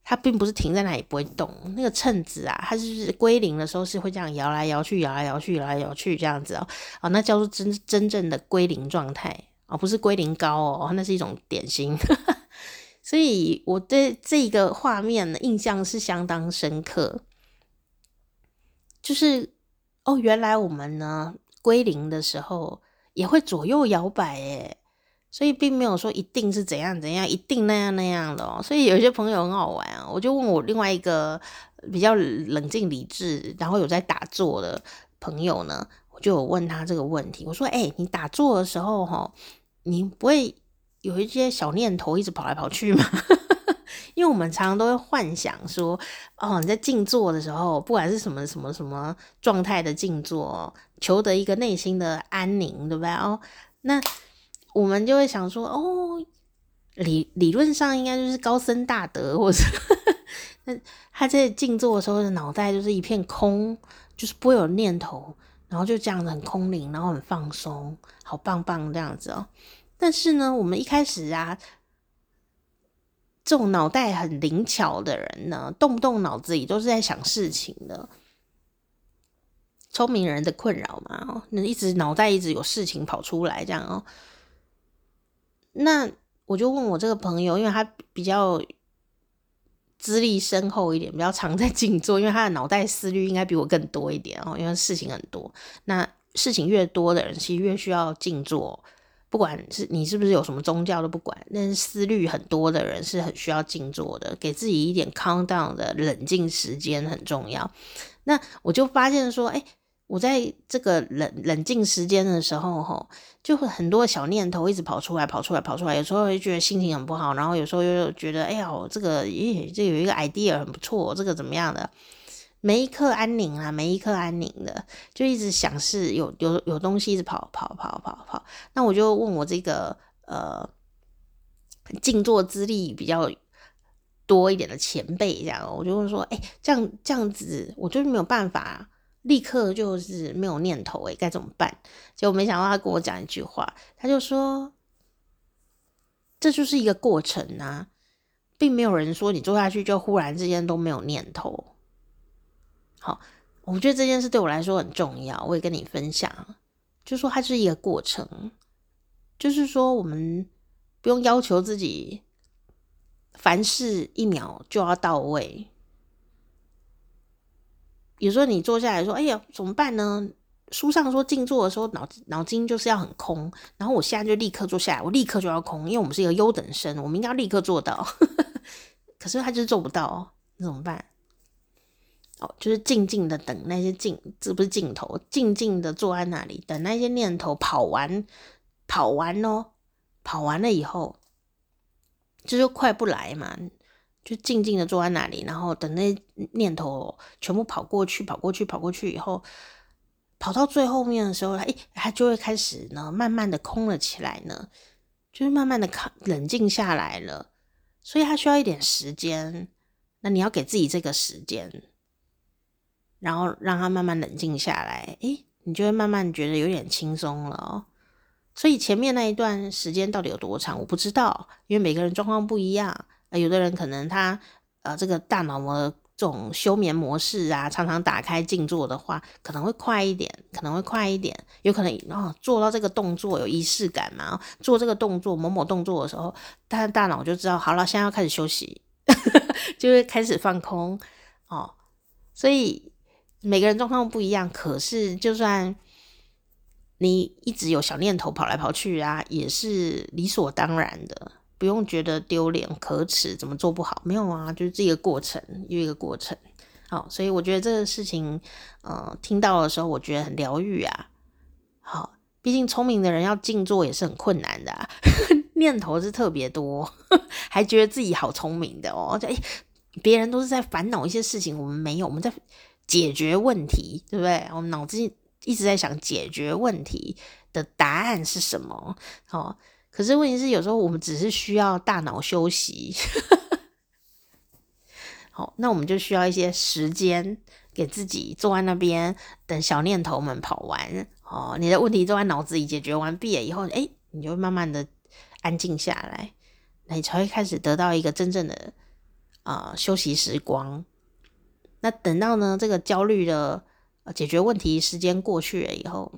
它並不是停在那裡不會動。那個秤子啊，它就是歸零的時候是會這樣搖來搖去、搖來搖去、搖來搖去這樣子哦。哦，那叫做真真正的歸零狀態哦，不是歸零高哦，哦，那是一種點心。 所以我對這個畫面的印象是相當深刻，就是哦，原來我們呢歸零的時候也會左右搖擺誒，所以並沒有說一定是怎樣怎樣，一定那樣那樣的哦。所以有些朋友很好玩啊，我就問我另外一個比較冷靜理智，然後有在打坐的朋友呢，我就有問他這個問題，我說誒，你打坐的時候齁，你不會？有一些小念頭一直跑來跑去嘛， 因為我們常常都會幻想說，哦，你在靜坐的時候，不管是什麼什麼什麼狀態的靜坐，求得一個內心的安寧，對不對？哦，那我們就會想說，哦，理理論上應該就是高僧大德，或者那他在靜坐的時候的腦袋就是一片空，就是不會有念頭，然後就這樣子很空靈，然後很放鬆，好棒棒這樣子哦。但是呢，我們一開始啊，這種腦袋很靈巧的人呢，動不動腦子裡都是在想事情的，聰明人的困擾嘛哦，那一直腦袋一直有事情跑出來這樣哦。那我就問我這個朋友，因為他比較資歷深厚一點，比較常在靜坐，因為他的腦袋思慮應該比我更多一點哦，因為事情很多。那事情越多的人，其實越需要靜坐。不管你是你是不是有什麼宗教都不管，但是思慮很多的人是很需要靜坐的，給自己一點 count down 的冷靜時間很重要。那我就發現說，哎，我在這個冷冷靜時間的時候，吼、哦，就會很多小念頭一直跑出來，跑出來，跑出來。有時候會覺得心情很不好，然後有時候又覺得，哎呀、哦，這個，咦，這個、有一個 idea 很不錯，這個怎麼樣的？沒一刻安寧啊，沒一刻安寧的，就一直想是有有有東西一直跑跑跑跑跑。那我就問我這個呃靜坐資歷比較多一點的前輩這、欸，這樣我就問說：“哎，這樣這樣子，我就是沒有辦法，立刻就是沒有念頭、欸，哎，該怎麼辦？”結果沒想到他跟我講一句話，他就說：“這就是一個過程啊，並沒有人說你坐下去就忽然之間都沒有念頭。”好，我覺得這件事對我來說很重要，我也跟你分享，就說它是一個過程，就是說我們不用要求自己凡事一秒就要到位。比如說你坐下來說：“哎、欸、呀，怎麼辦呢？”書上說靜坐的時候，腦腦筋就是要很空。然後我現在就立刻坐下來，我立刻就要空，因為我們是一個優等生，我們應該立刻做到。 可是他就是做不到，那怎麼辦？哦，就是靜靜的等那些鏡，這不是鏡頭，靜靜的坐在那裡，等那些念頭跑完，跑完哦，跑完了以後，這就快不來嘛，就靜靜的坐在那裡，然後等那念頭全部跑過去，跑過去，跑過去以後，跑到最後面的時候，哎，它就會開始呢，慢慢的空了起來呢，就是慢慢的看，冷靜下來了，所以它需要一點時間，那你要給自己這個時間。然後讓他慢慢冷靜下來，哎，你就會慢慢覺得有點輕鬆了哦。所以前面那一段時間到底有多長，我不知道，因為每個人狀況不一樣。呃、有的人可能他呃，這個大腦的這種休眠模式啊，常常打開靜坐的話，可能會快一點，可能會快一點。有可能啊、哦，做到這個動作有儀式感嘛，做這個動作，某某動作的時候，他的大腦就知道好了，現在要開始休息， 就會開始放空哦。所以。每個人狀況不一樣，可是就算你一直有小念頭跑來跑去啊，也是理所當然的，不用覺得丟臉、可恥，怎麼做不好？沒有啊，就是這個過程，有一個過程。好，所以我覺得這個事情，呃，聽到的時候我覺得很療癒啊。好，畢竟聰明的人要靜坐也是很困難的啊， 念頭是特別多，還覺得自己好聰明的哦。就、欸、別人都是在煩惱一些事情，我們沒有，我們在。解決問題，對不對？我們腦子一直在想解決問題的答案是什麼。哦，可是問題是，有時候我們只是需要大腦休息。好、 哦，那我們就需要一些時間給自己坐在那邊，等小念頭們跑完。哦，你的問題都在腦子裡解決完畢了以後，哎，你就慢慢的安靜下來，那你才會開始得到一個真正的啊、呃、休息時光。那等到呢，這個焦慮的解決問題時間過去了以後，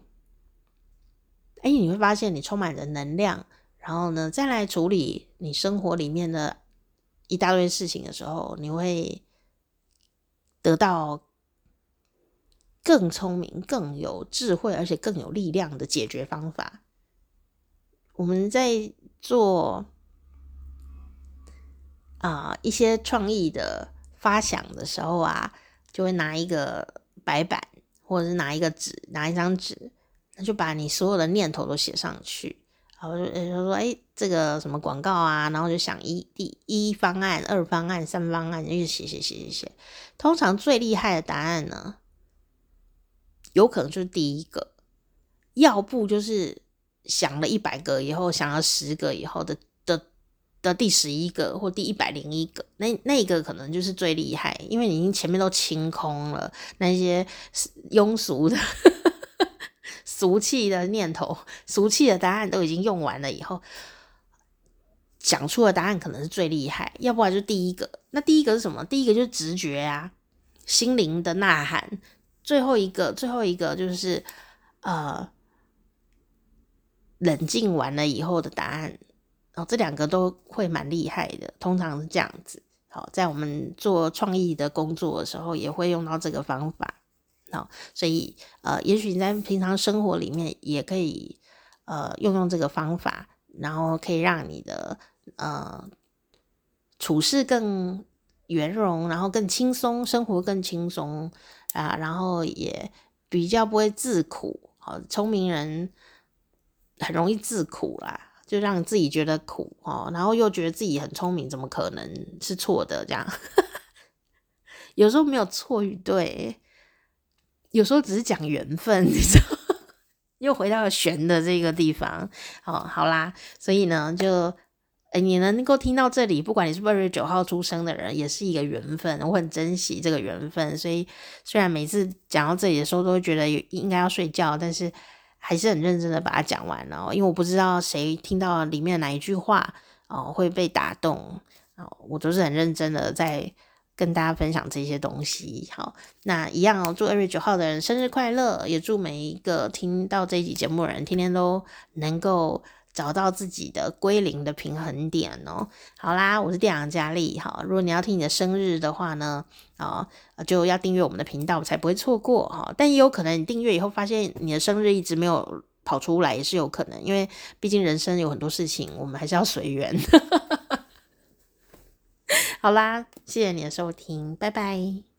哎，你會發現你充滿着能量，然後呢，再來處理你生活裡面的一大堆事情的時候，你會得到更聰明、更有智慧，而且更有力量的解決方法。我們在做啊，呃，一些創意的發想的時候啊，就會拿一個白板，或者是拿一個紙，拿一張紙，那就把你所有的念頭都寫上去。然後就，就說，哎、欸，這個什麼廣告啊，然後就想一第一方案、二方案、三方案，一直寫寫寫寫寫。通常最厲害的答案呢，有可能就是第一個，要不就是想了一百個以後，想了十個以後的。的第十一個或第一百零一個，那那個可能就是最厲害，因為你已經前面都清空了那些庸俗的、 俗氣的念頭、俗氣的答案都已經用完了以後，講出的答案可能是最厲害，要不然就第一個。那第一個是什麼？第一個就是直覺啊，心靈的吶喊。最後一個，最後一個就是呃，冷靜完了以後的答案。然後、哦，這兩個都會蠻厲害的，通常是這樣子。好、哦，在我們做創意的工作的時候，也會用到這個方法。好、哦，所以呃，也許你在平常生活裡面也可以呃，用用這個方法，然後可以讓你的呃處事更圓融，然後更輕鬆，生活更輕鬆啊，然後也比較不會自苦。好、哦，聰明人很容易自苦啦。就讓自己覺得苦哦，然後又覺得自己很聰明，怎麼可能是錯的？這樣， 有時候沒有錯與對，有時候只是講緣分，你知道嗎？又回到了玄的這個地方。哦，好啦，所以呢，就、欸、你能夠聽到這裡，不管你是二月九號出生的人，也是一個緣分，我很珍惜這個緣分。所以，雖然每次講到這裡的時候，都會覺得應該要睡覺，但是。還是很認真的把它講完了哦，因為我不知道誰聽到裡面哪一句話哦，會被打動，哦，我都是很認真的在跟大家分享這些東西。好，那一樣哦，祝二月九號的人生日快樂，也祝每一個聽到這一集節目的人，天天都能夠。找到自己的歸零的平衡點哦。好啦，我是店長佳麗哈。如果你要聽你的生日的話呢，啊、哦，就要訂閱我們的頻道才不會錯過哈、哦。但也有可能你訂閱以後發現你的生日一直沒有跑出來也是有可能，因為畢竟人生有很多事情，我們還是要隨緣。 好啦，謝謝你的收聽，拜拜。